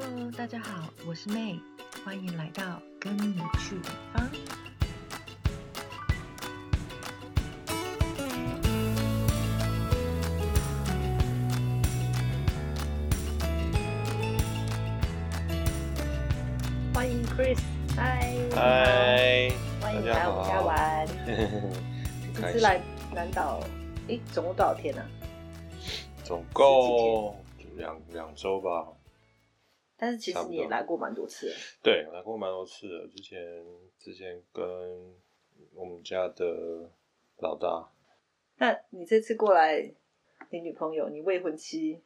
Hello，大家好，我是 May，歡迎來到跟你去遠方、啊。歡迎 Chris，嗨，嗨，歡迎來我們家玩，這次來南島，誒，總共多少天呢、啊？總共兩兩週吧。但是其實你也來過蠻多次的，對，來過蠻多次了，之前之前跟我們家的老大，那你這次過來，你女朋友、你未婚妻，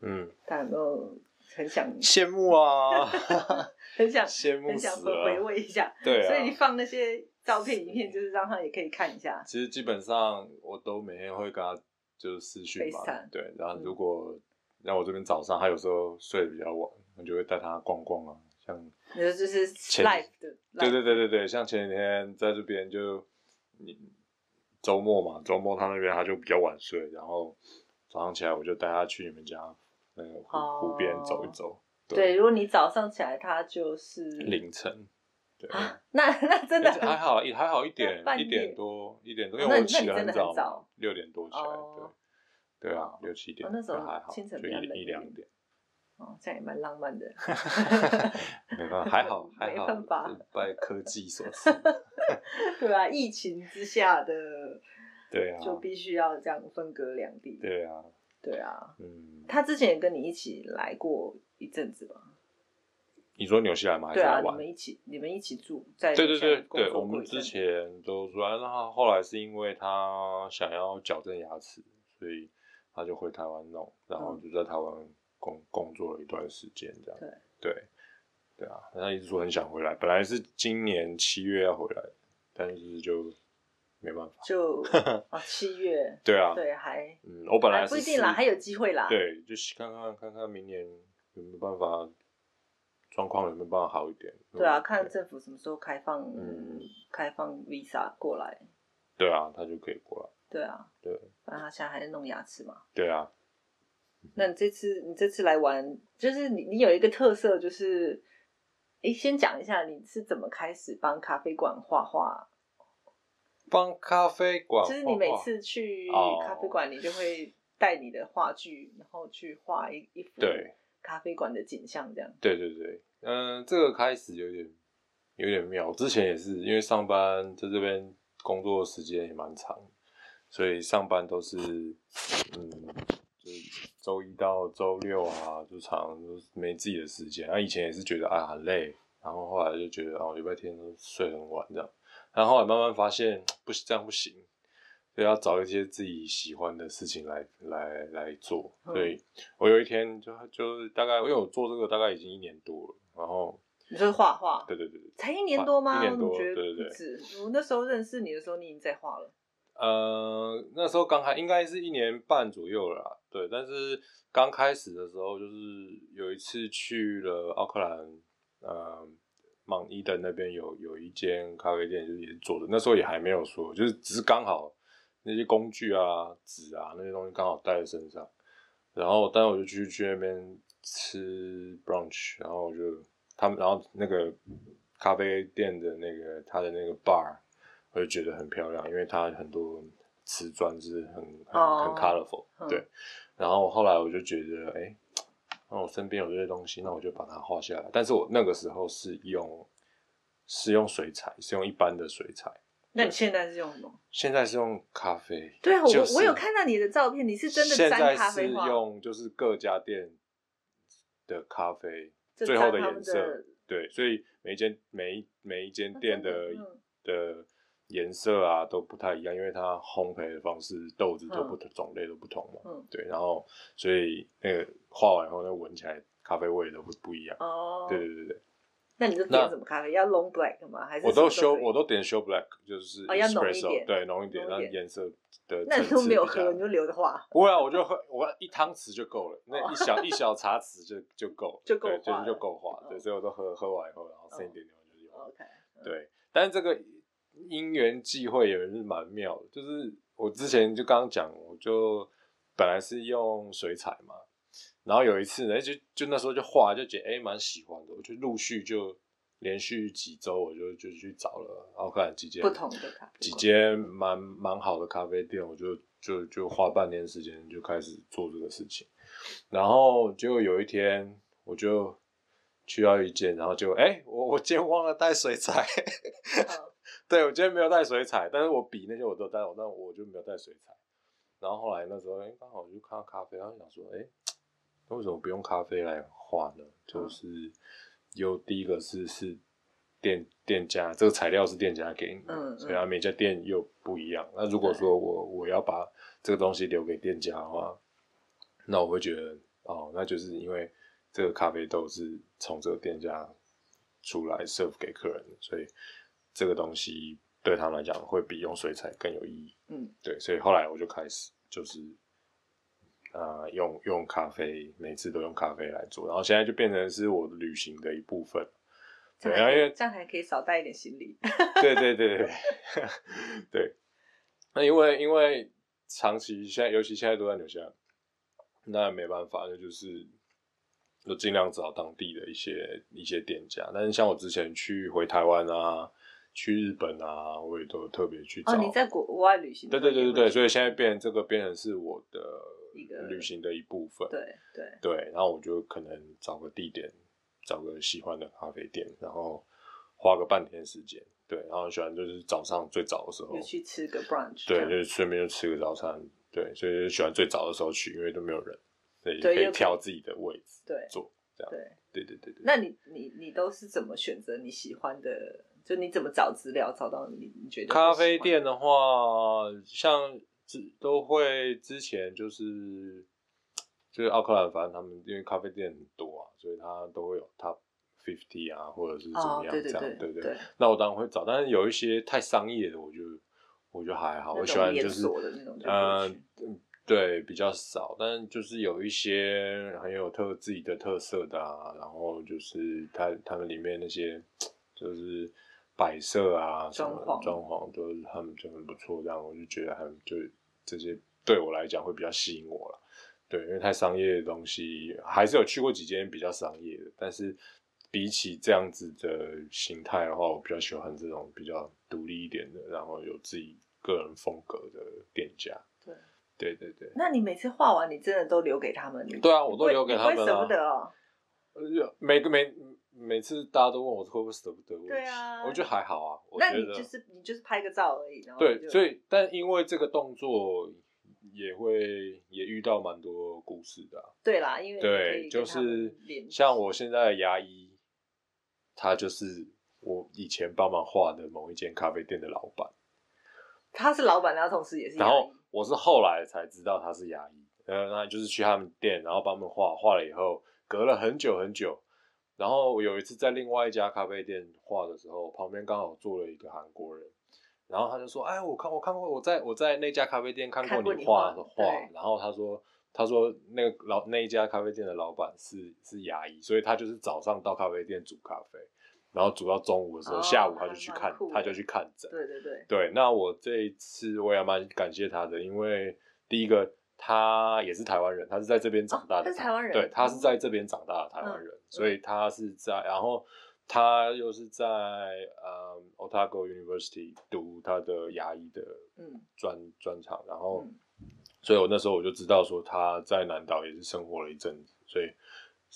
嗯，他有沒有很想你羨慕啊？ 很想羨慕死了，很想回味一下。對啊，所以你放那些照片、影片，就是讓他也可以看一下，嗯。其實基本上我都每天會跟他，就是視訊嘛，time, 對，然後如果，像、嗯、我這邊早上，他有時候睡得比較晚。我就會帶他逛逛啊，像你說就是 Live 的 Live，對對對對對，像前幾天在這邊就，你周末嘛，周末他那邊他就比較晚睡，然後早上起來我就帶他去你們家，呃、那個、湖湖邊走一走、哦對。對，如果你早上起來他就是凌晨，對、啊、那那真的還好，也還好一點，一點多一點多，因為我起得很、哦、真的很早，六點多起來，對，對啊，六七點、哦、那時候清晨還好，就一一兩點。哦，這樣也蠻浪漫的。 沒辦法，還好還好沒辦法，拜科技所賜。 對啊，疫情之下的，對啊，就必須要這樣分隔兩地。對啊，對啊。嗯，他之前也跟你一起來過一陣子吧？你說紐西蘭嗎？對啊，還好。對啊，你們一起，你們一起住在對對對對，我們之前都住在那，然後，後來是因為他想要矯正牙齒，所以他就回台灣弄，然後就在台灣。工作了一段時間，這樣對對對啊，他一直說很想回來，本來是今年七月要回來，但是就沒辦法，就呵呵、啊、七月對啊對還嗯我本來不一定啦，還有機會啦，對，就是看看看看明年有沒有辦法狀況有沒有辦法好一點，對啊，嗯、對看政府什麼時候開放嗯開放 visa 過來，對啊，他就可以過來，對啊對，反正他現在還在弄牙齒嘛，對啊。那你這次你這次來玩，就是你你有一個特色，就是、欸、先講一下你是怎麼開始幫咖啡館畫畫？幫咖啡館，就是你每次去咖啡館，你就會帶你的畫具、哦，然後去畫一一幅咖啡館的景象，這樣。對對對，嗯、呃，這個開始有點有點妙。之前也是因為上班在這邊工作時間也蠻長，所以上班都是嗯。週一到週六啊，就常就沒自己的時間。啊，以前也是覺得啊很累，然後後來就覺得啊，哦、禮拜天都睡很晚這樣。然後後來慢慢發現，不行這樣不行，所以要找一些自己喜歡的事情來來來做。嗯、所以，我有一天就就大概，因為我做這個大概已經一年多了，然後你就是畫畫，對對對，才一年多嗎？一年多，對對對。我那時候認識你的時候，你已經在畫了。呃，那時候剛開應該是一年半左右了啦，對。但是剛開始的時候，就是有一次去了奧克蘭，呃，芒伊登那邊有有一間咖啡店，就是也做的。那時候也還沒有說，就是只是剛好那些工具啊、紙啊那些東西剛好帶在身上。然後當時我就去去那邊吃 brunch，然後我就他們，然後那個咖啡店的那個他的那個 bar。我就覺得很漂亮，因為它很多瓷磚是很很,、oh. 很 colorful，對。然後後來我就覺得，哎、欸，那我身邊有這些東西，那我就把它畫下來。但是我那個時候是用是用水彩，是用一般的水彩。那你現在是用什麼？現在是用咖啡。對啊，就是、我我有看到你的照片，你是真的沾咖啡畫現在是用就是各家店的咖啡的最後的顏色，對。所以每一間每一每一間店的 okay, 的。嗯顏色啊都不太一樣，因為它烘焙的方式、豆子都不同、嗯，種類都不同嘛。嗯，對，然後所以那個畫完以後，那聞起來咖啡味也都會不一樣。哦，對對對對。那你是點什麼咖啡？要 long black 嗎？還是都我都修，我都點 short black，就是 espresso，對、哦，濃一點，讓顏色的。那你都沒有喝，你就留着畫。不會啊，我就喝我一湯匙就夠了、哦，那一小 一小茶匙就就夠了，就夠畫。對，就夠畫、哦。對，所以我都喝喝完以後，然後剩一點點我就是用、哦。OK 對。對、嗯，但是這個。因緣際會也是蠻妙的，就是我之前就剛剛講，我就本來是用水彩嘛，然後有一次呢，就就那時候就畫，就覺得哎蠻喜歡的，我就陸續就連續幾周我就就去找了奧蘭，奧克蘭幾間不同的咖啡店，幾間蠻蠻好的咖啡店，我就就就花半年時間就開始做這個事情，然後結果有一天我就去到一間，然後就哎、欸、我我今天忘了帶水彩。 對，我今天沒有帶水彩，但是我筆那些我都帶，但我就沒有帶水彩。然後後來那時候，欸、剛好我就看到咖啡，我就想說，哎、欸，那為什麼不用咖啡來畫呢？就是有、嗯、第一個是是店店家這個材料是店家給你的、嗯嗯，所以啊，每家店又不一樣。那如果說我我要把這個東西留給店家的話，那我會覺得哦，那就是因為這個咖啡豆是從這個店家出來 serve 給客人的，所以。這個東西對他們來講會比用水彩更有意義。嗯，對，所以後來我就開始就是，啊、呃，用用咖啡，每次都用咖啡來做，然後現在就變成是我旅行的一部分。這樣還可以，對啊，然後因為這樣還可以少帶一點行李。對對對對對。 對，那因為因為長期現在，尤其現在都在紐西蘭，那沒辦法，那就是就盡量找當地的一些一些店家。但是像我之前去回台灣啊。去日本啊，我也都特別去找。哦，你在國國外旅行的。對對對對對，所以現在變成這個變成是我的一個旅行的一部分。對對對，然後我就可能找個地點，找個喜歡的咖啡店，然後花個半天時間。對，然後喜歡就是早上最早的時候去吃個 brunch，對，對就順便就吃個早餐。對，所以就喜歡最早的時候去，因為都沒有人，對，可以挑自己的位置對，對坐這樣。對對對對對。那你你你都是怎麼選擇你喜歡的？就你怎麼找資料，找到你你覺得咖啡店的話，像之都會之前就是就是奧克蘭，反正他們因為咖啡店很多啊，所以他都會有 Top Fifty 啊，或者是怎麼樣這樣，哦、對不對？那我當然會找，但是有一些太商業的我，我就我就得還好，我喜歡就是嗯，呃、 對，比較少，但就是有一些很有特自己的特色的啊，然後就是它它們裡面那些就是。擺設啊什麼，裝潢裝潢都、就是、他們就很不錯，這樣我就覺得他們就這些對我來講會比較吸引我了。對，因為太商業的東西，還是有去過幾間比較商業的，但是比起這樣子的形態的話，我比較喜歡這種比較獨立一點的，然後有自己個人風格的店家。對，對對對。那你每次畫完，你真的都留給他們？對啊，我都留給他們了、啊。會捨不得哦、呃。每個每。每次大家都問我會不會捨不得我，對啊，我覺得還好啊。那你就是你就是拍個照而已。然後，對，所以但因為這個動作也會也，也遇到蠻多故事的，啊。對啦，因為對就是像我現在的牙醫，他就是我以前幫忙畫的某一間咖啡店的老闆。他是老闆，他同時也是。然後我是後來才知道他是牙醫，然後那就是去他們店，然後幫他們畫畫了以後，隔了很久很久。然後我有一次在另外一家咖啡店畫的時候，旁邊剛好坐了一個韓國人，然後他就說：“哎，我看我看過，我在我在那家咖啡店看過你畫的畫。然”然後他說：“他說那個老那一家咖啡店的老闆是是牙醫，所以他就是早上到咖啡店煮咖啡，然後煮到中午的時候，哦、下午他就去看他就去看診。對對對，對。那我這一次我也蠻感謝他的，因為第一個。”他也是台灣人，他是在這邊長大的，哦、他是台灣人。對、嗯，他是在這邊長大的台灣人、嗯，所以他是在，然後他又是在呃、um,，Otago University 讀他的牙醫的專專長，然後、嗯，所以我那時候我就知道說他在南島也是生活了一陣子，所以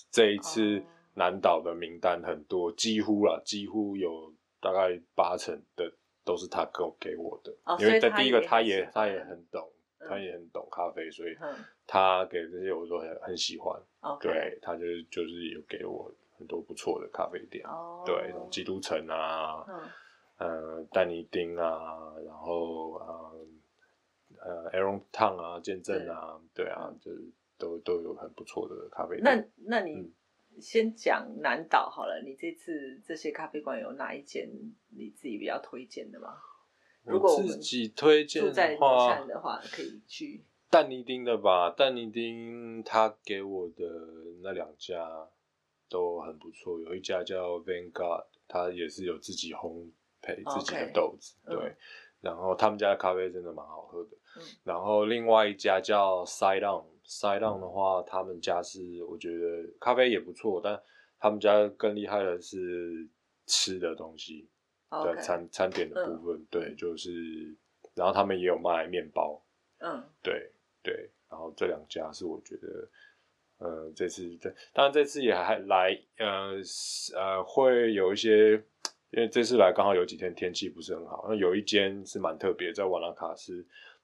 這一次南島的名單很多，嗯、幾乎啦，幾乎有大概八成的都是他給我的，哦、因為，因為第一個他也他也很懂。嗯、他也很懂咖啡，所以他給這些我都很很喜歡。嗯、對、Okay. 他就是就是有給我很多不錯的咖啡店，oh. 對基督城啊，嗯、呃，丹尼丁啊，然後、呃呃、，Arrowtown 啊，箭鎮啊，對，對啊，就是都都有很不錯的咖啡店。那那你先講南島好了、嗯，你這次這些咖啡館有哪一間你自己比較推薦的嗎？如果自己推薦的話，的話可以去但尼丁的吧。但尼丁他給我的那兩家都很不錯，有一家叫 Vanguard，他也是有自己烘焙自己的豆子，Okay. 對。Okay. 然後他們家的咖啡真的蠻好喝的、嗯。然後另外一家叫 Side On，Side、嗯、On 的話，他們家是我覺得咖啡也不錯、嗯，但他們家更厲害的是吃的東西。.對、okay. 餐餐點的部分、嗯，對，就是，然後他們也有賣麵包，嗯，對對，然後這兩家是我覺得，呃，這次在，當然這次也還來，呃呃，呃，會有一些，因為這次來剛好有幾天天氣不是很好，那有一間是蠻特別的，在瓦納卡，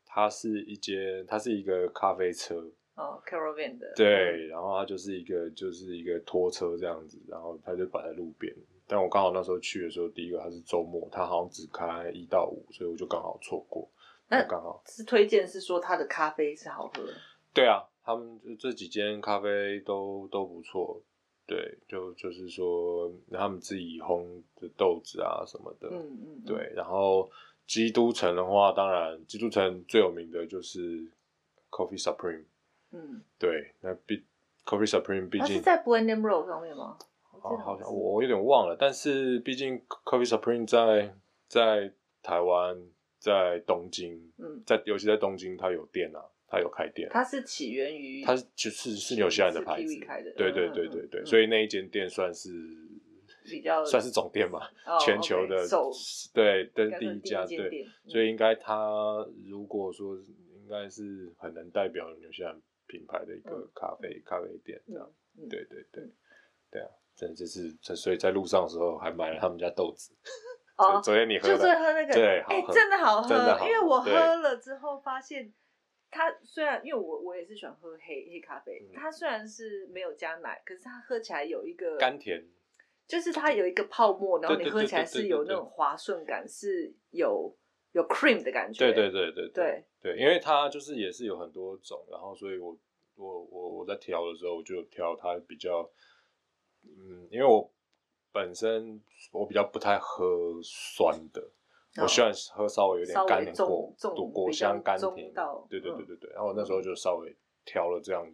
它是一間，它是一個咖啡車，哦，Caravan 的，對，然後它就是一個就是一個拖車這樣子，然後它就擺在路邊。但我剛好那時候去的時候，第一個還是周末，他好像只開一到五，所以我就剛好錯過。那剛好是推薦是說他的咖啡是好喝，對啊，他們這幾間咖啡都都不錯，對，就就是說他們自己烘的豆子啊什麼的，嗯嗯，對。然後基督城的話，當然基督城最有名的就是 Coffee Supreme，嗯，對，那必 Coffee Supreme，畢竟是在 Blenheim Road 上面嗎？啊、好好，我有點忘了，但是畢竟 Coffee Supreme 在在台灣，在東京，在尤其在東京，它有店啊，它有開店。它是起源於，它是就是是紐西蘭的牌子開的，對對對對對、嗯嗯，所以那一間店算是比較算是總店嘛，哦、全球的、哦、okay, so, 對的第一家，對、嗯，所以應該它如果說應該是很能代表紐西蘭品牌的一個咖啡、嗯、咖啡店這樣，嗯、對對對、嗯、對啊。這就是在，所以在路上的時候還買了他們家豆子。哦，昨 天你喝就是喝那個，對好、欸真的好，真的好喝，因為我喝了之後發現，它雖然因為我我也是喜歡喝黑黑咖啡、嗯，它雖然是沒有加奶，可是它喝起來有一個甘甜，就是它有一個泡沫，然後你喝起來是有那種滑順感，對對對對對對，是有有 cream 的感覺。對對對對對對，對，對，因為它就是也是有很多種，然後所以我我我我在調的時候我就挑它比較。嗯，因為我本身我比較不太喝酸的。哦、我喜歡喝稍微有點甘的果果果香甘甜，對對對對對、嗯。然後我那時候就稍微挑了這樣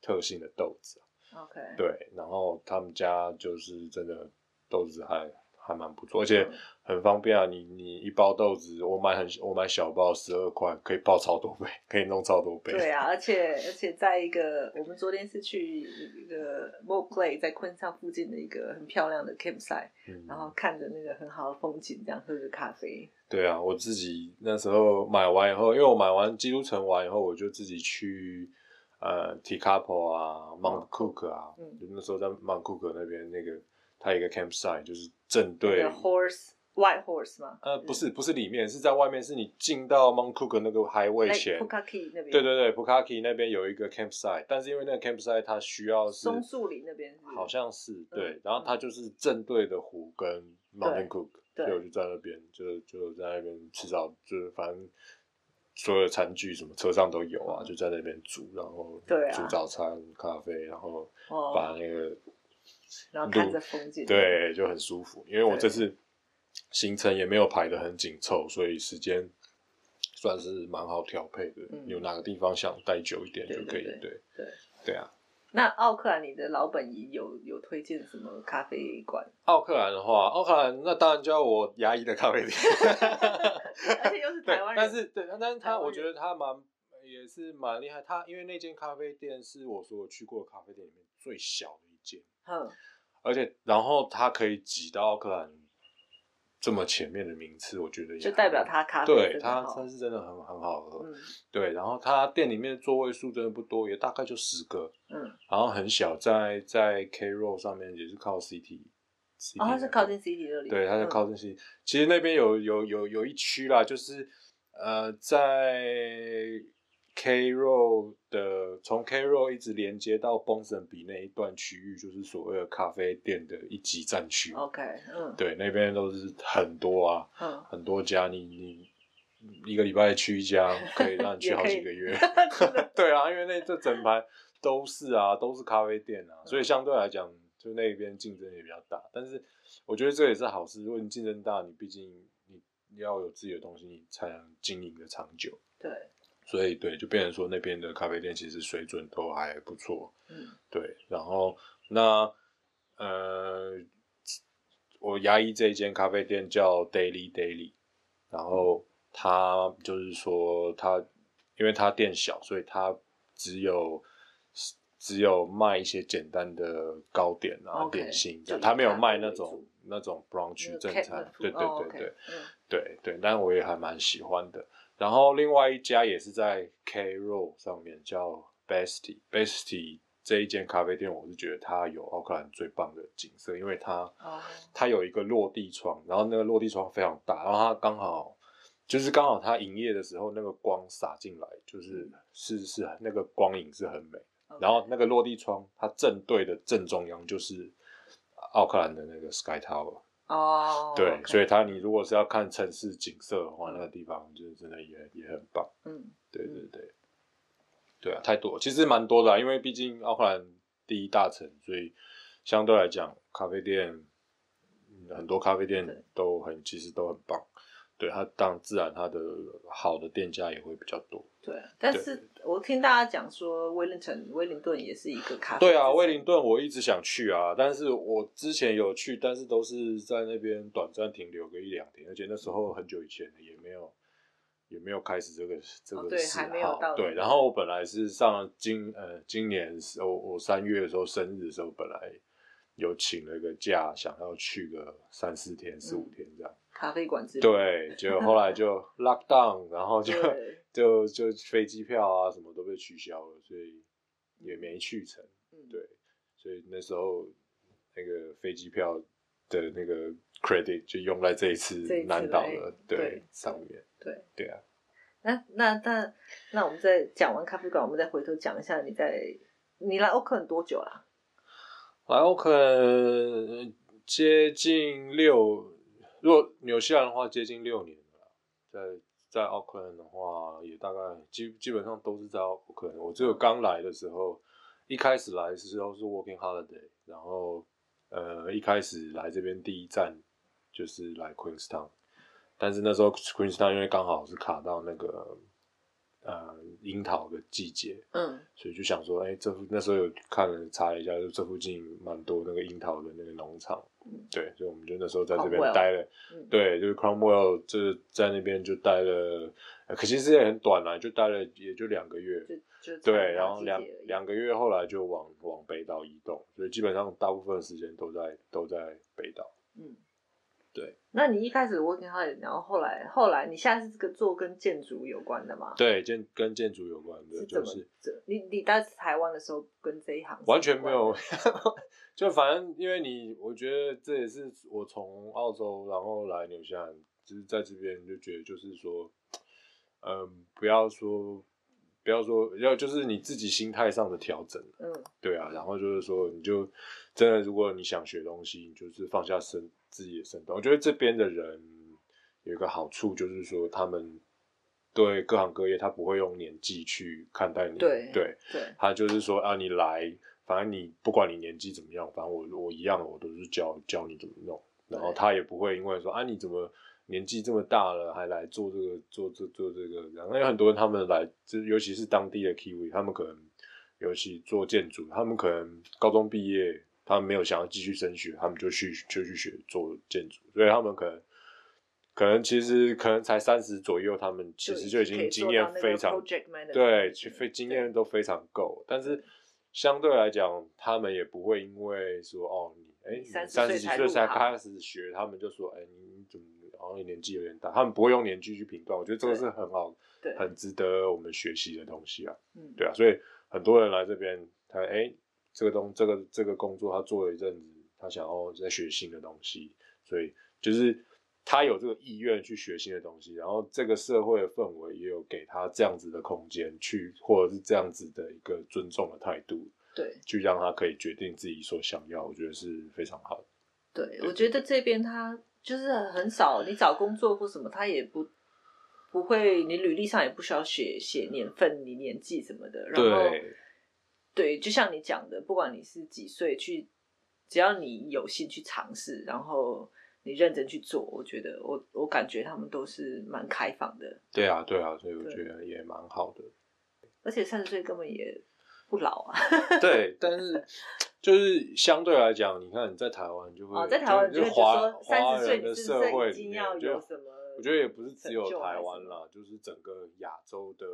特性的豆子，OK，、嗯、對，然後他們家就是真的豆子還還蠻不錯、嗯，而且。很方便啊，你你一包豆子，我買很我買小包十二塊，可以爆超多杯，可以弄超多杯。對啊，而且而且在一個，我們昨天是去一個 Moke Lake 在昆山附近的一個很漂亮的 campsite，、嗯、然後看着那個很好的風景，這樣喝着咖啡。對啊，我自己那時候買完以後，因為我買完基督城完以後，我就自己去呃 Tekapo 啊，Mount Cook 啊、嗯，就那時候在 Mount Cook 那邊那個它一個 campsite，就是正對 horse。White Horse 嗎？呃，不是，不是裡面，是在外面，是你進到 Mount Cook 的那個 Highway 前，like、Pukaki 那邊，對對對，Pukaki 那邊有一個 campsite，但是因為那個 campsite 它需要是松樹林那邊，好像是、嗯、對，然後它就是正對的湖跟 Mount 對 Cook，對，所以我就在那邊，就就在那邊吃早，就反正所有餐具什麼車上都有啊，嗯、就在那邊煮，然後煮早餐對、啊、咖啡，然後把那個然後看着風景，對，就很舒服，因為我這次。行程也沒有排得很緊湊，所以時間算是蠻好調配的。嗯、你有哪個地方想待久一點就可以，對對對，對，對，對啊。那奧克蘭你的老本營有有推薦什麼咖啡館？奧克蘭的話，奧克蘭那當然就要我牙醫的咖啡店， 而且又是臺灣人，但是對，但是他我覺得他蠻也是蠻厲害的。他因為那間咖啡店是我所去過的咖啡店裡面最小的一間，嗯，而且然後他可以擠到奧克蘭。這麼前面的名次，我覺得也就代表他咖啡的對他，他真是真的很很好喝。嗯、對，然後他店裡面的座位數真的不多，也大概就十個。嗯，然後很小，在在 K 羅上面也是靠 CT，CTM，哦，它是靠近 CT 那裡，對，它是靠近 CT。其實那邊有有有有一區啦，就是呃在。K r o 的從 K r o 一直連接到 b o n s n 比那一段區域，就是所謂的咖啡店的一級戰區。OK，、嗯、對，那邊都是很多啊，嗯、很多家。你你一個禮拜去一家，可以讓你去好幾個月。 對啊，因為那這整排都是啊，都是咖啡店啊，嗯、所以相對來講，就那邊競爭也比較大。但是我覺得這也是好事，如果你競爭大，你畢竟你要有自己的東西，你才能經營的長久。對。所以對，就變成說那邊的咖啡店其實水準都還不錯。嗯，對，然後那呃，我牙醫這一間咖啡店叫 Daily Daily，然後他就是說他，因為他店小，所以他只有只有賣一些簡單的糕點啊點心，他、嗯、沒有賣那種、嗯、那種 brunch 那正餐。對對對對，哦 okay，嗯、對對，但我也還蠻喜歡的。然後另外一家也是在 K Road 上面叫 Bestie，Bestie 這一間咖啡店，我是覺得它有奧克蘭最棒的景色，因為它，oh. 它有一個落地窗，然後那個落地窗非常大，然後它剛好，就是剛好它營業的時候，那個光灑進來，就是是是那個光影是很美，okay. 然後那個落地窗它正對的正中央就是奧克蘭的那個 Sky Tower。哦、oh, okay. 對，所以他你如果是要看城市景色的話，那個地方就是真的也也很棒。嗯，對對對，嗯、對啊，太多了，其實蠻多的，因為畢竟奧克蘭第一大城，所以相對來講，咖啡店、嗯，很多咖啡店都很其實都很棒。對它，他當然自然，它的好的店家也會比較多。對、啊，但是對對對，我聽大家講說，威靈城、威靈頓也是一個咖啡。對啊，威靈頓我一直想去啊，但是我之前有去，但是都是在那邊短暫停留個一兩天，而且那時候很久以前了，也沒有、也沒有開始這個這個時哈。哦、對，還沒有到對，然後我本來是上今、呃今年我我三月的時候生日的時候，本來有請了個假，想要去個三四天，嗯、四五天這樣。咖啡館之類，對，就後來就 lockdown，、嗯、然後就就就飛機票啊什麼都被取消了，所以也沒去成。對，所以那時候那個飛機票的那個 credit 就用在這一次南島了，對上面。對對啊。那那那那我們再講完咖啡館，我們再回頭講一下你在你來奧克多久了啊？來奧克接近六。如果紐西蘭的話，接近六年了，在在奧克蘭的話，也大概基基本上都是在奧克蘭。我只有剛來的時候，一開始來的時候是都是 working holiday，然後呃一開始來這邊第一站就是來 Queenstown，但是那時候 Queenstown 因為剛好是卡到那個。呃，櫻桃的季節，嗯，所以就想說，哎、欸，這那時候有看了查了一下，就這附近蠻多那個櫻桃的那個農場、嗯，對，所以我們就那時候在這邊待了、嗯，對，就是 Cromwell 這在那邊就待了，嗯、可惜時間很短啊，就待了也就兩個月，對，然後兩兩個月後來就往往北島移動，所以基本上大部分時間都在都在北島，嗯。對，那你一開始我跟他，然後後來後來，你現在是這個做跟建築有關的嗎？對，建跟建築有關的、的，就是這。你你到台灣的時候跟這一行完全沒有， 就反正因為你，我覺得這也是我從澳洲然後來，紐西蘭就是在這邊就覺得就是說，嗯，不要說不要說要就是你自己心態上的調整，嗯，對啊，然後就是說你就真的如果你想學東西，你就是放下身自己的身份，我覺得這邊的人有一個好處，就是說他們對各行各業，他不會用年紀去看待你。對對，對，他就是說啊，你來，反正你不管你年紀怎麼樣，反正我我一樣，我都是教教你怎麼弄。然後他也不會因為說啊，你怎麼年紀這麼大了還來做這個做這做這個？然後有很多人他們來，這尤其是當地的 Kiwi，他們可能尤其做建築，他們可能高中畢業。他們沒有想要繼續升學，他們就去就去學做建築，所以他們可能可能其實可能才三十左右，他們其實就已經經驗非常對，非經驗都非常夠、嗯。但是相對來講，他們也不會因為說哦，你，哎，三十幾歲才開始學，他們就說哎、欸，你怎麼好像你年紀有點大？他們不會用年紀去評斷。我覺得這個是很好，很值得我們學習的東西啊。對啊，所以很多人來這邊，他哎。欸這個東這個這個工作他做了一陣子，他想要再學新的東西，所以就是他有這個意願去學新的東西，然後這個社會的氛圍也有給他這樣子的空間去，或者是這樣子的一個尊重的態度，對，就讓他可以決定自己所想要，我覺得是非常好，對，對，我覺得這邊他就是很少，你找工作或什麼，他也不不會，你履歷上也不需要寫寫年份，你年紀什麼的，然後對。對，就像你講的，不管你是幾歲去，只要你有心去嘗試，然後你認真去做，我覺得，我我感覺他們都是蠻開放的。對啊，對啊，所以我覺得也蠻好的。而且三十歲根本也不老啊。 對，但是就是相對來講，你看你在台灣就會，在台灣就華華、就是、 華人的社會裡面 已經要有什麼就就，我覺得也不是只有台灣了， 就是整個亞洲的。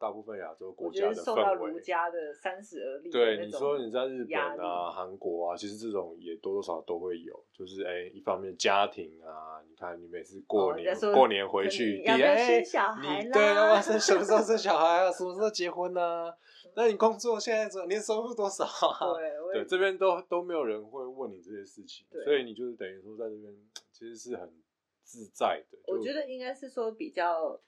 大部分亞洲國家的氛圍，對你說你在日本啊、韓國啊，其實這種也多多少少都會有，就是哎、欸，一方面家庭啊，你看你每次過年、哦就是、過年回去，哎，你要，要生小孩啦，對，要生什麼時候生小孩啊， 什麼時候結婚呢、啊？那你工作現在做，你收入多少、啊？對對，這邊都都沒有人會問你這些事情，所以你就是等於說在這邊其實是很自在的。我覺得應該是說比較。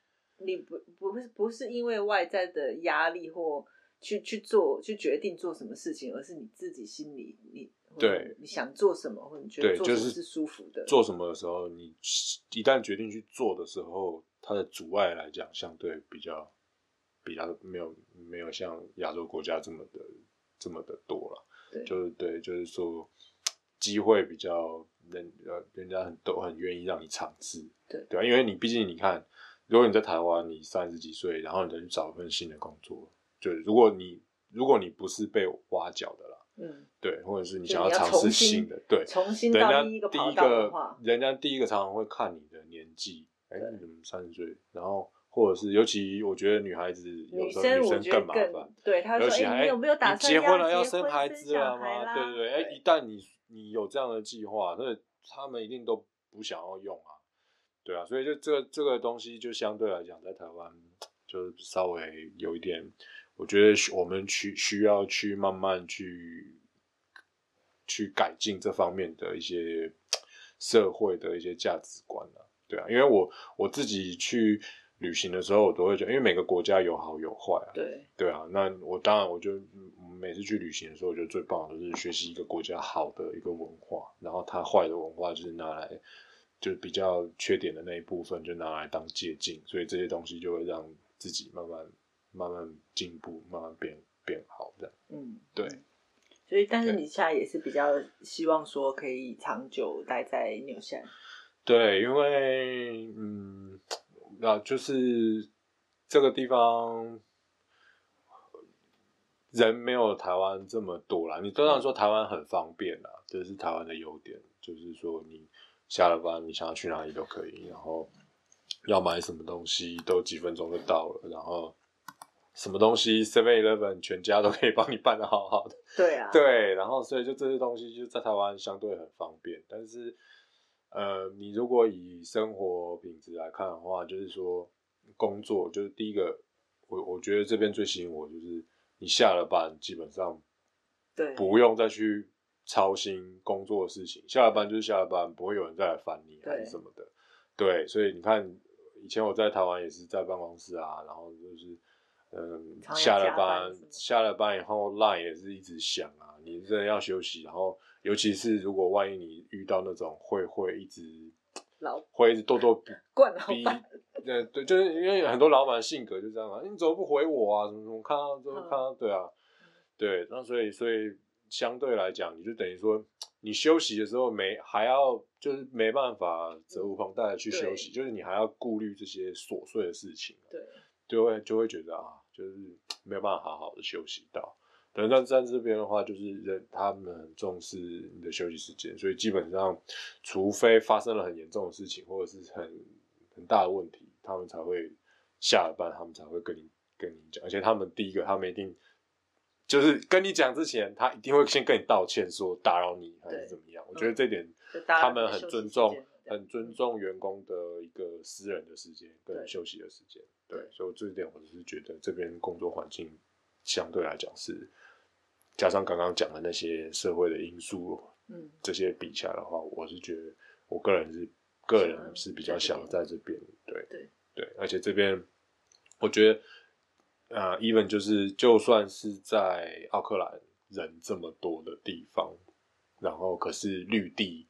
你不不是不是因為外在的壓力或去去做去決定做什麼事情，而是你自己心裡，你對你想做什麼或你覺得做什麼是舒服的。就是、做什麼的時候，你一旦決定去做的時候，它的阻礙來講相對比較比較，比較沒有沒有像亞洲國家這麼的這麼的多了。對，就是對，就是說機會比較人呃，人家很都很很願意讓你嘗試。對對吧？因為你畢竟你看。如果你在台灣，你三十幾歲，然後你再去找一份新的工作，就是如果你如果你不是被挖角的啦，嗯，對，或者是你想要嘗試新的新，對，重新到第，第一個，第一個，人家第一個常常會看你的年紀，哎、欸，你怎麼三十歲？然後或者是尤其我覺得女孩子，有時候女生更麻煩，對，她，且、欸、哎、欸，你有沒有打算要結婚了，要生孩子了嗎？對不對，對？哎、欸，一旦你你有這樣的計劃，那他們一定都不想要用啊。對啊，所以就這個這個東西，就相對來講，在台灣，就是稍微有一點，我覺得需我們需需要去慢慢去去改進這方面的一些社會的一些價值觀啊。對啊，因為我我自己去旅行的時候，我都會覺得，因為每個國家有好有壞啊。對。對啊，那我當然我，我就每次去旅行的時候，我覺得最棒的就是學習一個國家好的一個文化，然後它壞的文化就是拿來，就比較缺點的那一部分，就拿來當借鏡，所以這些東西就會讓自己慢慢、慢慢進步，慢慢變變好這樣，的嗯對，對。所以，但是你現在也是比較希望說可以長久待在紐西蘭，對，因為嗯，那就是這個地方人沒有台灣這麼多啦。你雖然說台灣很方便啦，嗯、這是台灣的優點，就是說你。下了班，你想要去哪裡都可以，然後要買什麼東西都幾分鐘就到了，然後什麼東西，Seven Eleven、全家都可以幫你辦得好好的。對啊。對，然後所以就這些東西就在台灣相對很方便，但是，呃，你如果以生活品質來看的話，就是說工作就是第一個，我我覺得這邊最吸引我就是你下了班基本上，對，不用再去。對啊。操心工作的事情，下了班就是下了班，不會有人再來煩你還是什麼的。對。對，所以你看，以前我在台灣也是在辦公室啊，然後就是，嗯，常常下了班，下了班以後，LINE 也是一直響啊，你真的要休息。然後，尤其是如果萬一你遇到那種會會一直老會一直咄咄逼，逼對對，就是因為很多老板的性格就這樣啊，你怎麼不回我啊？什麼什麼，怎麼看到之後看到，對啊、嗯，對，那所以所以。相對來講，你就等於說，你休息的時候沒還要就是沒辦法責無旁貸的去休息，嗯，就是你還要顧慮這些瑣碎的事情，對，就會就會覺得啊，就是沒有辦法好好的休息到。等於在這邊的話，就是人他們很重視你的休息時間，所以基本上，除非發生了很嚴重的事情或者是很很大的問題，他們才會下了班，他們才會跟你跟你講，而且他們第一個，他們一定。就是跟你講之前，他一定會先跟你道歉，說打擾你還是怎麼樣。我覺得這點，他們很尊重，很尊重員工的一個私人的時間跟休息的時間。對，所以這一點我只是覺得這邊工作環境相對來講是，加上剛剛講的那些社會的因素，嗯，這些比起來的話，我是覺得我個人是個人是比較想在這邊，對對對，而且這邊我覺得。呃、uh，even 就是就算是在奧克蘭人這麼多的地方，然後可是綠地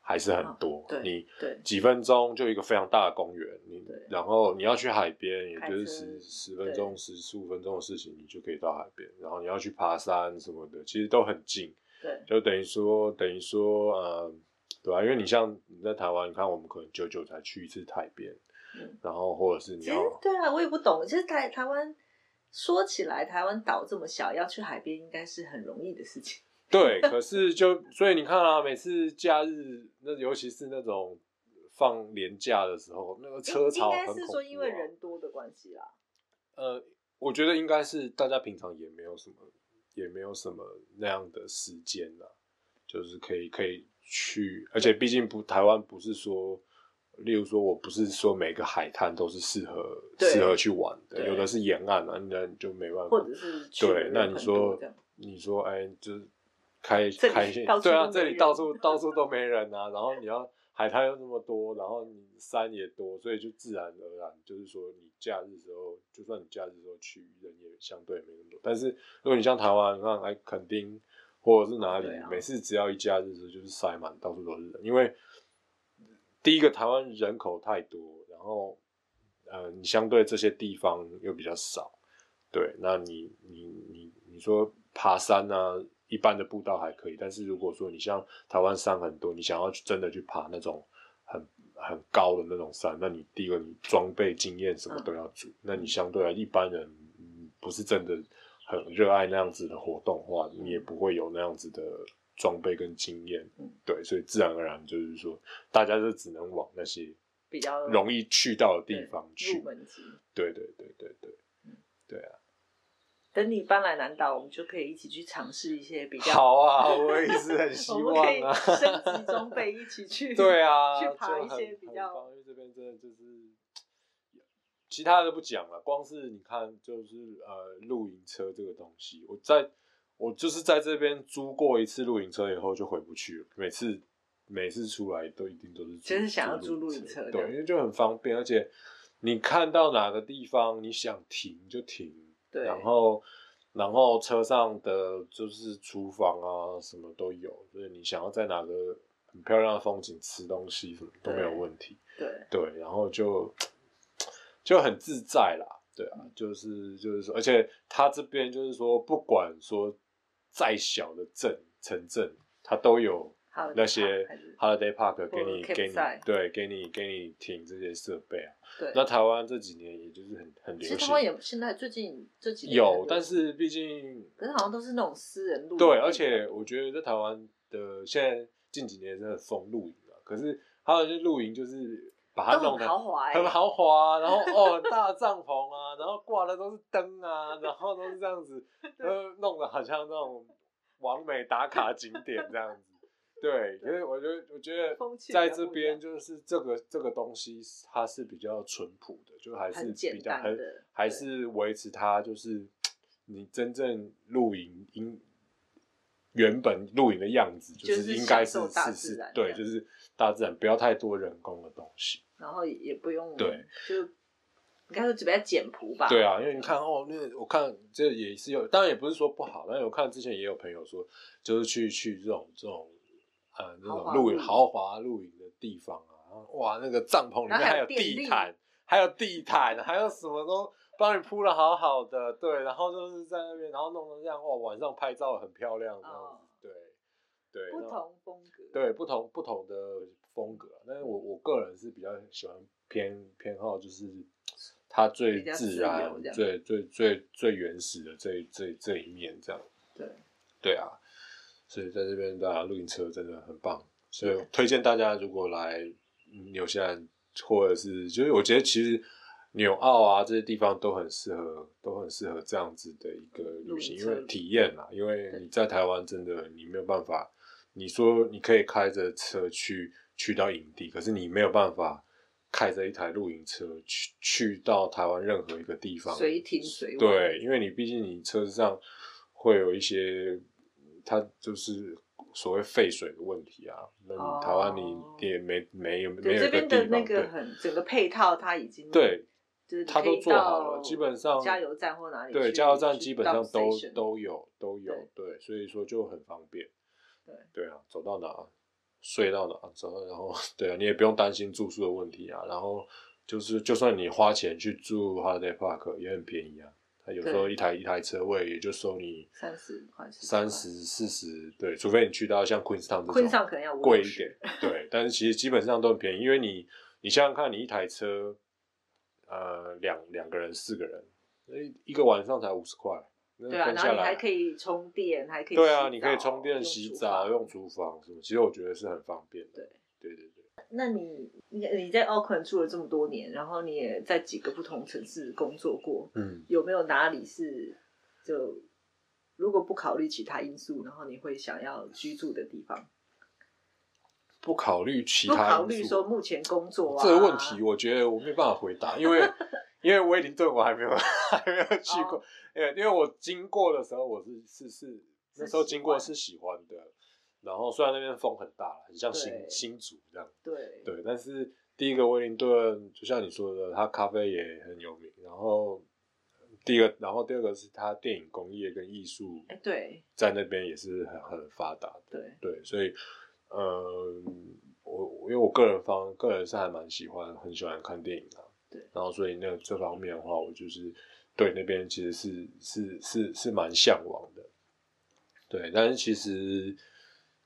還是很多。對、嗯，你幾分鐘就一個非常大的公園、嗯。對。你然後你要去海邊，也就是十是十分鐘、十十五分鐘的事情，你就可以到海邊。然後你要去爬山什麼的，其實都很近。對。就等於說，等於說，嗯、呃，對啊，因為你像你在台灣，你看我們可能久久才去一次海邊、嗯，然後或者是你要對啊，我也不懂，其實台台灣。說起來，台灣島這麼小，要去海邊應該是很容易的事情。 對，可是就所以你看啊，每次假日，那尤其是那種放連假的時候，那個車潮很恐怖啊。應該是說因為人多的關係啦。呃，我覺得應該是大家平常也沒有什麼，也沒有什麼那樣的時間啦，就是可以可以去，而且畢竟不台灣不是說。例如說，我不是說每個海灘都是適合適合去玩的，有的是岩岸啊，那你就沒辦法。或者是去人很多的。對，那你說你說，哎、欸，就是開開心，對啊，這裡到處到處都沒人啊。 然後你要海灘又那麼多，然後山也多，所以就自然而然就是說，你假日時候，就算你假日時候去，人也相對也沒那麼多。但是如果你像台灣，像哎墾丁或者是哪裡、啊，每次只要一假日時候就是塞滿，到處都是人，因為。第一個，台灣人口太多，然後，呃，你相對這些地方又比較少，對，那你你你你說爬山呢、啊，一般的步道還可以，但是如果說你像台灣山很多，你想要去真的去爬那種很很高的那種山，那你第一個你裝備經驗什麼都要足、嗯，那你相對來一般人不是真的很熱愛那樣子的活動的話，你也不會有那樣子的。裝備跟經驗，對，所以自然而然就是說，大家就只能往那些比較容易去到的地方去。入門級，對對對對對、嗯，對啊。等你搬來南島，我們就可以一起去嘗試一些比較好啊！我也是很希望、啊、 可以升級裝備一起去。 對啊，去爬一些比較。就因為這邊真的就是，其他的都不講了，光是你看，就是呃，露營車這個東西，我在。我就是在這邊租過一次露營車，以後就回不去了。每次每次出來都一定都是租，就是想要租露營車的，對，因為就很方便，而且你看到哪個地方你想停就停，對。然後然後車上的就是廚房啊什麼都有，就是你想要在哪個很漂亮的風景吃東西什麼都沒有問題，對對，對，然後就就很自在啦，對啊，嗯，就是就是說，而且他這邊就是說不管說。再小的鎮、城鎮，它都有那些 Holiday Park 給你，給你、給你、對、給你、給你停這些設備啊。對那台灣這幾年也就是很很流行。其實台灣也現在最近這幾年有，但是畢竟，可是好像都是那種私人露營。對，而且我覺得在台灣的現在近幾年真的很瘋露營了，啊，可是好些露營就是。把它弄得很豪華、欸啊，然後哦，大帳篷啊，然後掛的都是燈啊，然後都是這樣子，都弄得好像那種完美打卡景點這樣子。對，因為我覺得，我覺得在這邊就是這個、就是這個、這個東西，它是比較淳樸的，就還是比較很，很還是維持它就是你真正露營應原本露營的樣子就試試，就是應該是是是，對，就是大自然，不要太多人工的東西。然後也不用，對，就，應該是比較簡樸吧。對啊，因為你看哦，那我看這也是有，當然也不是說不好，但是我看之前也有朋友說，就是去去這種這種，呃，那種露營，露營，豪華露營的地方啊，哇，那個帳篷裡面還有地毯，還有，還有地毯，還有什麼都幫你鋪的好好的，對，然後就是在那邊，然後弄成這樣，哇、哦，晚上拍照很漂亮，這樣子。對，不同風格，對，不同不同的風格，但是我我個人是比較喜歡偏偏好，就是它最自然、自然最最、嗯、最最，最原始的這這這一面這樣。對，對啊，所以在這邊大家露營車真的很棒，所以推薦大家如果來、嗯、紐西蘭或者是就是我覺得其實紐澳啊這些地方都很適合，都很適合這樣子的一個旅行，因為體驗嘛、啊，因為你在台灣真的你沒有辦法。你說你可以開着車去去到營地，可是你沒有辦法開着一台露營車去去到台灣任何一個地方。隨停隨玩。對，因為你畢竟你車上會有一些，它就是所謂廢水的問題啊。那、哦、台灣你也沒沒、沒有沒有。對這邊的那個很整個配套，它已經對，它都做好了，基本上加油站或哪裡對，加油站基本上都都有都有對，對，所以說就很方便。對啊，走到哪睡到哪走到，然後然後對啊，你也不用擔心住宿的問題啊。然後就是，就算你花錢去住，Holiday Park 也很便宜啊。他有時候一台一台車位也就收你三十塊錢，三十四十對，除非你去到像 Queenstown 這種，可能要貴一點，對。但是其實基本上都很便宜，因為你你想想看，你一台車，呃，兩兩個人四個人，一個晚上才五十塊。那個、對啊，然後你還可以充電，還可以對啊，你可以充電、洗澡、用廚房，什麼其實我覺得是很方便。對，對對對。那你你你在奧克蘭住了這麼多年，然後你也在幾個不同城市工作過，嗯，有沒有哪裡是就如果不考慮其他因素，然後你會想要居住的地方？不考慮其他因素，不考慮說目前工作啊？這個、問題我覺得我沒辦法回答，因為。 因為威靈頓我還沒有還沒有去過，oh. 因為我經過的時候我是是是那時候經過是喜歡的，然後雖然那邊風很大，很像新新竹這樣，對對，但是第一個威靈頓就像你說的，它咖啡也很有名，然後第一個，然後第二個是它電影工業跟藝術對在那邊也是很很發達對對，所以嗯我因為我個人方個人是還蠻喜歡很喜歡看電影的。對，然後，所以那這方面的話，我就是對那邊其實是是是是，是蠻嚮往的。對，但是其實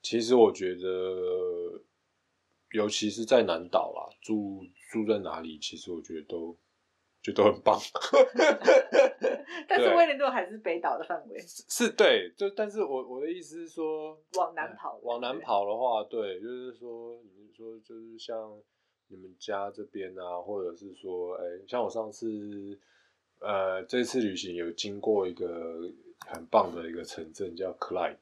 其實我覺得，尤其是在南島啦，住住在哪裡，其實我覺得都就都很棒。 但是威靈頓還是北島的範圍。是，是對，就但是我我的意思是說，往南跑，嗯，往南跑的話，對，就是說，你，就是，說就是像。你們家這邊啊，或者是說，哎，像我上次，呃，這次旅行有經過一個很棒的一個城鎮，叫 Clyde。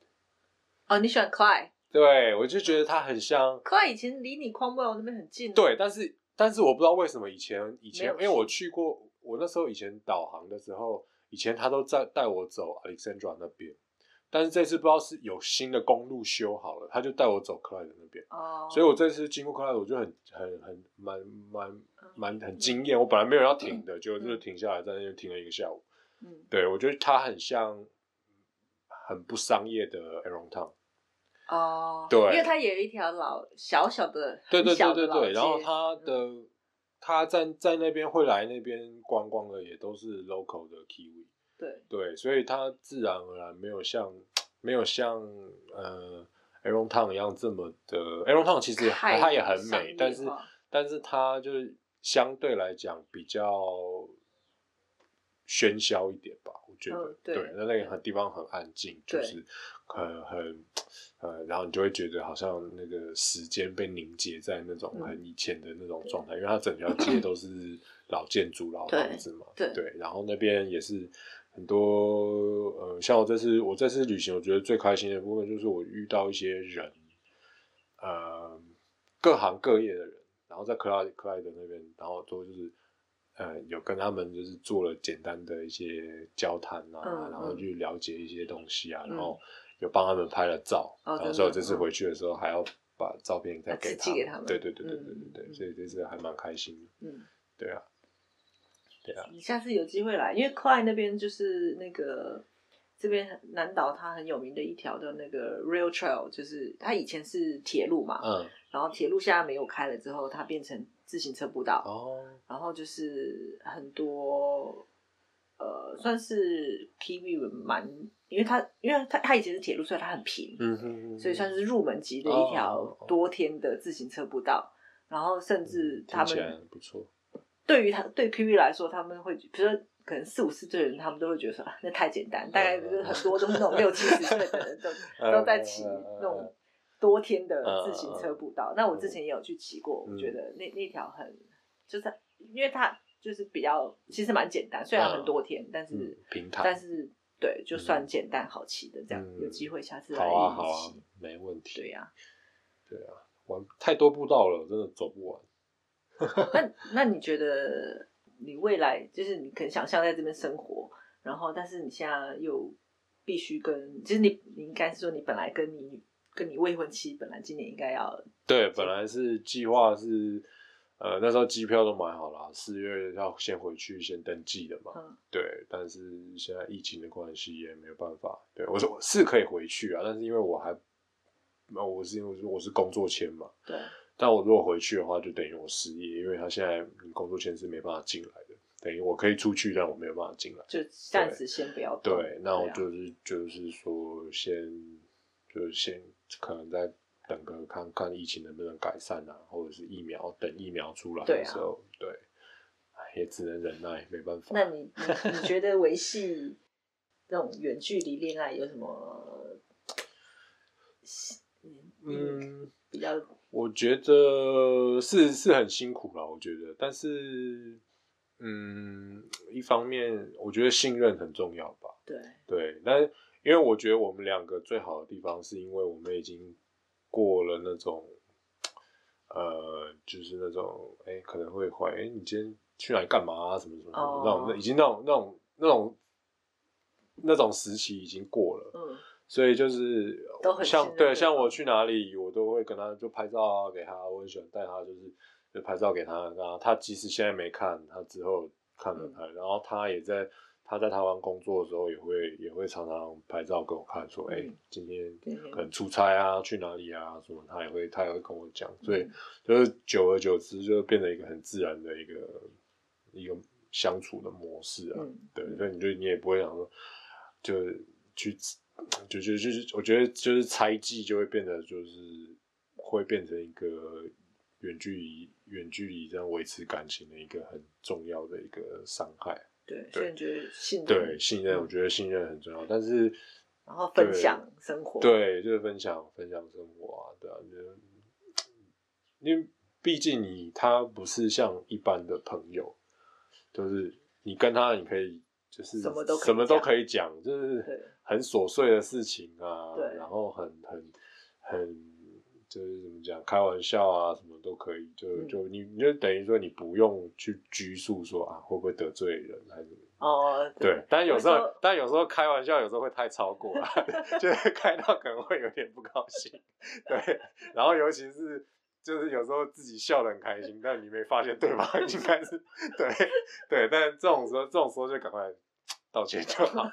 哦，你喜歡 Clyde？對，我就覺得它很像。Clyde 以前離你 Cromwell 那邊很近、啊。對，但是但是我不知道為什麼以前以前，因為我去過，我那時候以前導航的時候，以前他都在帶我走 Alexandra 那邊。但是這次不知道是有新的公路修好了，他就帶我走克萊德那邊。哦、oh.，所以我這次經過克萊德，我就很很很蠻蠻蠻很驚艷。我本來沒有要停的，嗯、就就停下來在那邊停了一個下午。嗯，對我覺得他很像很不商業的 Arrowtown。哦，對，因為他有一條老小小的，小的，對對對對對，然後他的、嗯、他在在那邊會來那邊觀光的也都是 local 的 Kiwi。對，對，所以它自然而然沒有像沒有像呃，Arrowtown 一樣這麼的。Arrowtown 其實它也很美，但是但是它就是相對來講比較喧囂一點吧。我覺得、嗯、對，對，那那個地方很安靜，就是很很呃，然後你就會覺得好像那個時間被凝結在那種很以前的那種狀態，嗯、因為它整條街都是老建築、老房子嘛對對。對，然後那邊也是。很多呃，像我這次我這次旅行，我覺得最開心的部分就是我遇到一些人，呃，各行各業的人，然後在克萊克萊德那邊，然後都就是、呃、有跟他們就是做了簡單的一些交談啊、嗯，然後去了解一些東西啊，嗯、然後有幫他們拍了照，嗯、然後所以我這次回去的時候還要把照片再給他們，對、嗯、對對對對對對，嗯、所以這次還蠻開心的，嗯，對啊。你、啊，你下次有機會來，因為 Clyde 那邊就是那個這邊南島，它很有名的一條的那個 Rail Trail，就是它以前是鐵路嘛，嗯，然後鐵路現在沒有開了之後，它變成自行車步道，哦，然後就是很多呃，算是 T V 蠻，因為它因為它它以前是鐵路，所以它很平，嗯嗯嗯，所以算是入門級的一條多天的自行車步道，哦、然後甚至他們不錯。對於他，對 Kiwi 來說，他們會比如說可能四五十歲的人，他們都會覺得說、啊、那太簡單。大概就是很多都是那種六七十歲的人都 都在騎那種多天的自行車步道。 啊啊啊啊啊啊，那我之前也有去騎過、嗯，我覺得那那條很就是因為它就是比較其實蠻簡單、嗯，雖然很多天，但是平坦，但是對，就算簡單好騎的這樣。嗯、有機會下次來一起，嗯好啊好啊、沒問題。對呀、啊，對呀、啊，玩太多步道了，真的走不完。 那那你覺得你未來就是你可能想象在這邊生活，然後但是你現在又必須跟，就是你你應該是說，你本來跟你跟你未婚妻，本來今年應該要對，本來是計劃是呃，那時候機票都買好了，四月要先回去先登記的嘛，嗯，對，但是現在疫情的關係也沒有辦法，對，我說是可以回去啊，但是因為我還，那我是因為我是工作簽嘛，對。但我如果回去的話，就等於我失業，因為他現在工作簽是沒辦法進來的，等於我可以出去，但我沒有辦法進來，就暫時先不要。對，那我就是、啊、就是說先，先就是先可能再等個看看疫情能不能改善啊，或者是疫苗，等疫苗出來的時候，對、啊、對，也只能忍耐，沒辦法。 那你你你覺得維繫這種遠距離戀愛有什麼？嗯，比較。我覺得是是很辛苦啦，我覺得，但是，嗯，一方面我覺得信任很重要吧。對對，但因為我覺得我們兩個最好的地方，是因為我們已經過了那種，呃，就是那種，哎、欸，可能會懷哎、欸，你今天去哪裡幹嘛啊，什麼什麼什麼，Oh. 那種已經那種那種那種，那種，那種，那種時期已經過了。嗯。所以就是像對像我去哪裡，我都會跟他就拍照啊，給他，我很喜歡帶他，就是就拍照給他啊。他即使現在沒看，他之後看了他，然後他也在他在台灣工作的時候，也會也會常常拍照給我看，說哎、欸，今天可能出差啊，去哪裡啊什麼，他也會他也會跟我講。所以就是久而久之，就變成一個很自然的一個一個相處的模式啊。對，所以你就你也不會想說，就是去。就就就是，我覺得就是猜忌就會變得就是會變成一個遠距離遠距離這樣維持感情的一個很重要的一個傷害。對，所以你覺得信任對信任，我覺得信任很重要，嗯、但是然後分享生活，對，對就是分享分享生活啊，對啊，就是、因為畢竟你他不是像一般的朋友，就是你跟他你可以。就是什麼都可以講，就是很瑣碎的事情啊，然後很很很就是怎麼講，開玩笑啊，什麼都可以，就就你你就等於說你不用去拘束說啊會不會得罪人還是什麼哦對，對，但有時候，有時候但有時候開玩笑有時候會太超過了，啊， 就是開到可能會有點不高興，對，然後尤其是。就是有時候自己笑得很開心，但你沒發現對吧？應該是對對，但這種時候，這種時候就趕快道歉就好。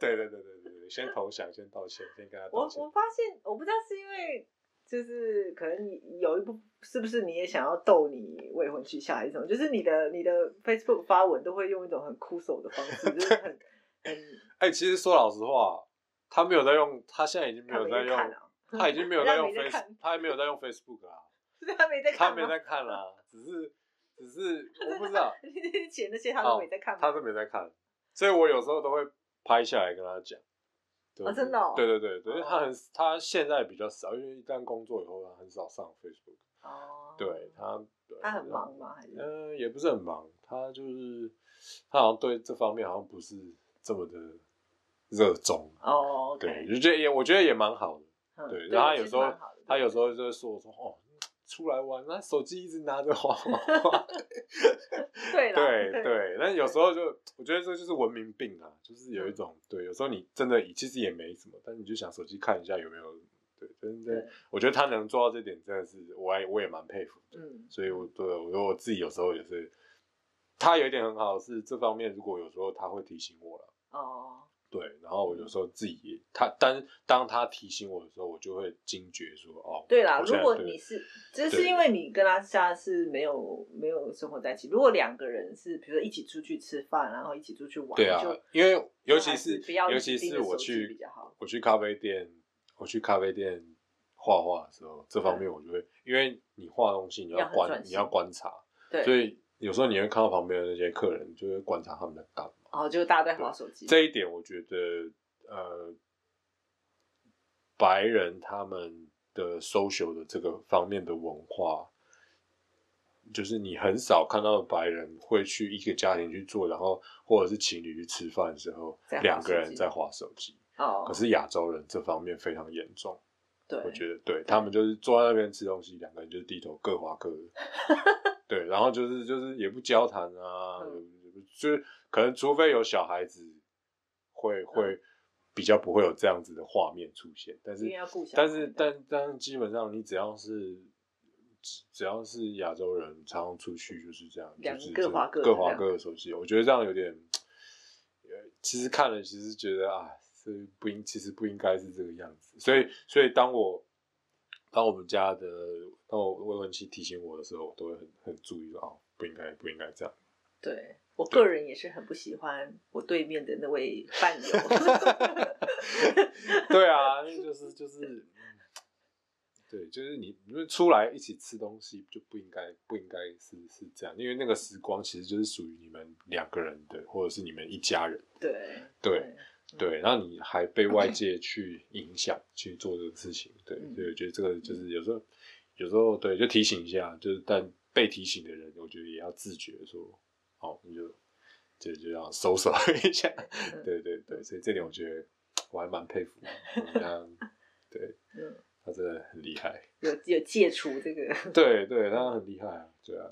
對對對對對，先投降，先道歉，先跟他道歉。我我發現，我不知道是因為就是可能有一部是不是你也想要逗你未婚妻下一種，就是你的你的 Facebook 發文都會用一種很苦手的方式，就是很很。哎、欸，其實說老實話，他沒有在用，他現在已經沒有在用，他、啊、他已經沒有在用， 用 Face， 他還沒有在用 Facebook 啊。他沒在看啦、啊， 只是只是我不知道寫 那些，他都沒在看。Oh, 他都沒在看，所以我有時候都會拍下來跟他講。對，對、oh, 真的、哦？對對對，對，因、oh. 為他很他現在比較少，因為一旦工作以後，他很少上 Facebook。哦、oh.，對他，他很忙嗎？嗯、呃，也不是很忙，他就是他好像對這方面好像不是這麼的熱衷。哦、oh, okay.，對，我覺得也我覺得也蠻好的。嗯、對，然後他有時候他有時候就會說說哦。出來玩，那手機一直拿着滑滑滑 對，對對對，但有時候就我覺得這就是文明病啊，就是有一種對，有時候你真的其實也沒什麼，但你就想手機看一下有沒有對，對，我覺得他能做到這點真的是，我我也蠻佩服的、嗯，所以我對，我覺得我自己有時候也、就是，他有一點很好是這方面，如果有時候他會提醒我了、啊，哦。對，然後我有時候自己，他當當他提醒我的時候，我就會驚覺說，哦，對啦，對，如果你是，這是因為你跟他家是沒有沒有生活在一起。如果兩個人是，比如說一起出去吃飯，然後一起出去玩，對啊，就因為尤其是，是尤其是我去、嗯，我去咖啡店，我去咖啡店畫畫的時候，這方面我就會，因為你畫東西你要觀你要觀察，對。所以有時候你會看到旁邊的那些客人，就會、是、觀察他們的幹嘛？哦、oh，就是大家在划手機。這一點我覺得，呃，白人他們的 social 的這個方面的文化，就是你很少看到的白人會去一個家庭去做，然後或者是情侶去吃飯的時候，兩個人在划手機。哦、oh。可是亞洲人這方面非常嚴重。對。我覺得對，對他們就是坐在那邊吃東西，兩個人就是低頭各划各的。 對，然後就是就是也不交談啊，嗯、就是可能除非有小孩子，會、嗯、會比較不會有這樣子的畫面出現。但是但是但但基本上你只要是只要是亞洲人，常常出去就是這樣，嗯就是、滑各就是各滑各各各的手機。我覺得這樣有點，其實看了其實覺得啊，是不應其實不應該是這個樣子。所以所以當我。當我們家的當我未婚妻提醒我的時候，我都會很很注意啊、哦，不應該不應該這樣。對，對我個人也是很不喜歡我對面的那位伴友。 對啊，就是就是，對，對就是你，你出來一起吃東西就不應該不應該是是這樣，因為那個時光其實就是屬於你們兩個人的，或者是你們一家人。對對。對對，那你還被外界去影響、okay. 去做這個事情，對、嗯，所以我覺得這個就是有時候，嗯、有時候對，就提醒一下，就是但被提醒的人，我覺得也要自覺說，哦，你就就就要搜索一下、嗯，對對對，所以這點我覺得我還蠻佩服、嗯，對、嗯，他真的很厲害，有有戒除這個，對對，他很厲害啊，對啊，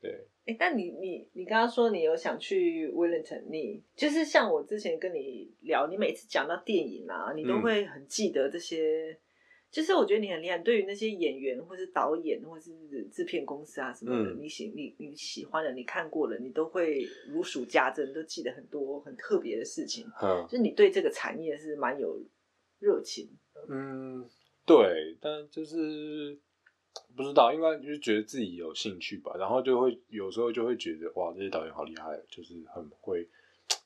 對。哎，但你你你剛剛說你有想去 Wellington，你就是像我之前跟你聊，你每次講到電影啊，你都會很記得這些。其、嗯，就是我覺得你很厲害，對於那些演員或是導演或是製片公司啊什麼的，嗯、你喜你你喜歡的，你看過的，你都會如數家珍，都記得很多很特別的事情。嗯，就是你對這個產業是蠻有熱情。嗯，對，但就是。不知道，應該就是覺得自己有興趣吧，然後就會有時候就會覺得哇，這些導演好厲害，就是很會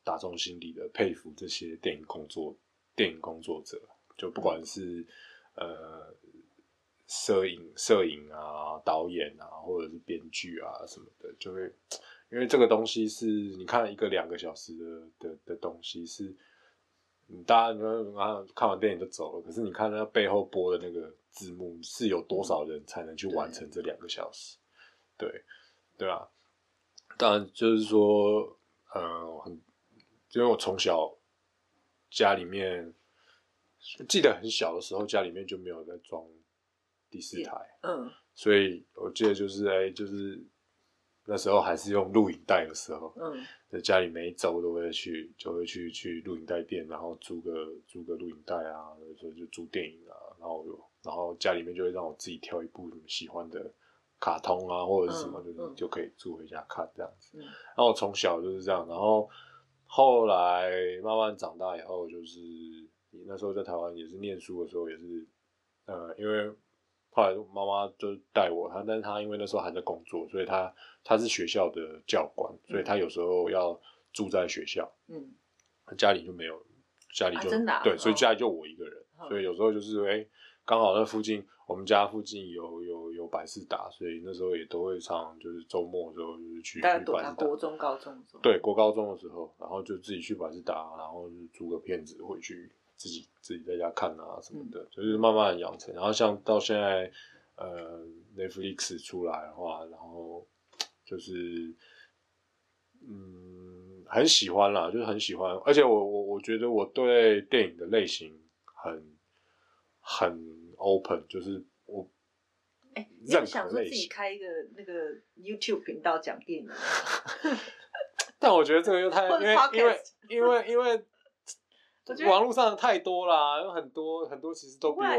打從心底的佩服這些電影工作、電影工作者，就不管是、嗯、呃攝影、攝影啊、導演啊，或者是編劇啊什麼的，就會因為這個東西是你看了一個兩個小時的的的東西是，是大家你看、啊、看完電影就走了，可是你看他背後播的那個。字幕，是有多少人才能去完成這兩個小時？對，對吧？啊。當然就是說，呃，很，因為我從小家裡面記得很小的時候，家裡面就沒有在裝第四台，嗯，所以我記得就是，哎，欸，就是那時候還是用錄影帶的時候，嗯，在家裡每一周都會去，就會去去錄影帶店，然後租個租個錄影帶啊，所以就租電影啊，然後我就。然後家裡面就會讓我自己挑一部什麼喜歡的卡通啊，或者是什麼，就是就可以住回家看這樣子。嗯嗯、然後我從小就是這樣，然後後來慢慢長大以後，就是那時候在台灣也是念書的時候，也是，呃，因為後來媽媽就帶我，她，但是她因為那時候還在工作，所以她她是學校的教官，所以她有時候要住在學校，嗯，她家裡就沒有，家裡就、啊啊、對、嗯，所以家裡就我一個人，嗯、所以有時候就是哎。欸剛好那附近，我們家附近有有有百視達，所以那時候也都會常，就是周末的時候就是去去辦。國中、高中，對，國高中的時候，然後就自己去百視達，然後就租個片子回去自己自己在家看啊什麼的，嗯、就是慢慢養成。然後像到現在，呃，Netflix 出來的話，然後就是嗯，很喜歡啦，就是很喜歡。而且我我我覺得我對電影的類型很很。open 就是我，哎、欸，就想說自己開一個那個 YouTube 頻道講電影， 但我覺得這個又太，因為因為因為因為網絡上太多啦、啊，有很多很多其實都比我很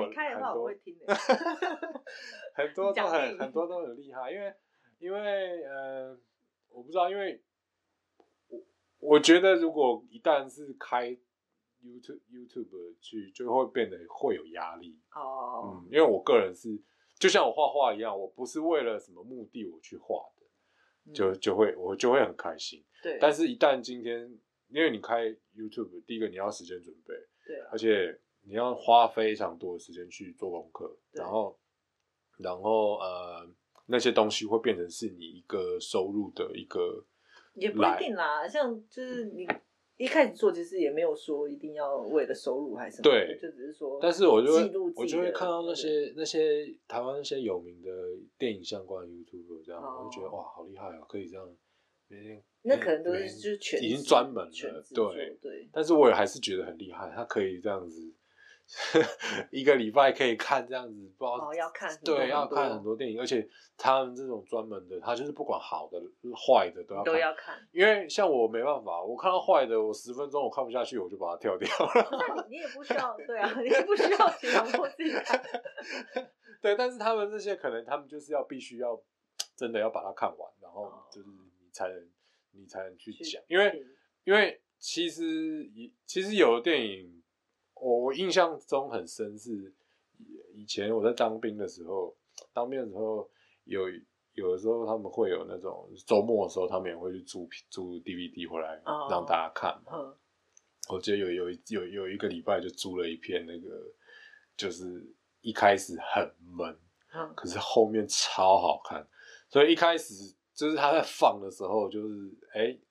多都很很多都很厲害，因為因為呃，我不知道，因為我我覺得如果一旦是開。YouTube, YouTube 去就會變得會有壓力哦，oh, oh, oh. 嗯，因為我個人是就像我畫畫一樣，我不是為了什麼目的我去畫的，嗯，就就會我就會很開心。對，但是，一旦今天因為你開 YouTube，第一個你要時間準備，對啊，而且你要花非常多的時間去做功課，然後，然後呃，那些東西會變成是你一個收入的一個，也不一定啦，像就是你。一開始做其實也沒有說一定要為了收入還是什麼對，就只是說。但是我就會我就會看到那些那些台灣那些有名的電影相關的 YouTube 這樣，我就覺得哇，好厲害啊，喔，可以這樣。每，那可能都是就全已經專門了，對對，但是我也還是覺得很厲害，他可以這樣子。 一個禮拜可以看這樣子，不知道哦，要看對，要看很多電影，而且他們這種專門的，他就是不管好的壞、就是、的都要，都要看，因為像我沒辦法，我看到壞的，我十分鐘我看不下去，我就把它跳掉了。那你也不需要，對啊，你也不需要強迫自己看。對，但是他們這些可能他們就是要必須要真的要把它看完，然後就是你才能你才能去講，因為因為其實其實有的電影。我我印象中很深是，以前我在當兵的時候，當兵的時候有有的時候他們會有那種週末的時候他們也會去租租 DVD 回來讓大家看。我記得有有有有一個禮拜就租了一片那個，就是一開始很悶，可是後面超好看，所以一開始就是他在放的時候就是哎、欸。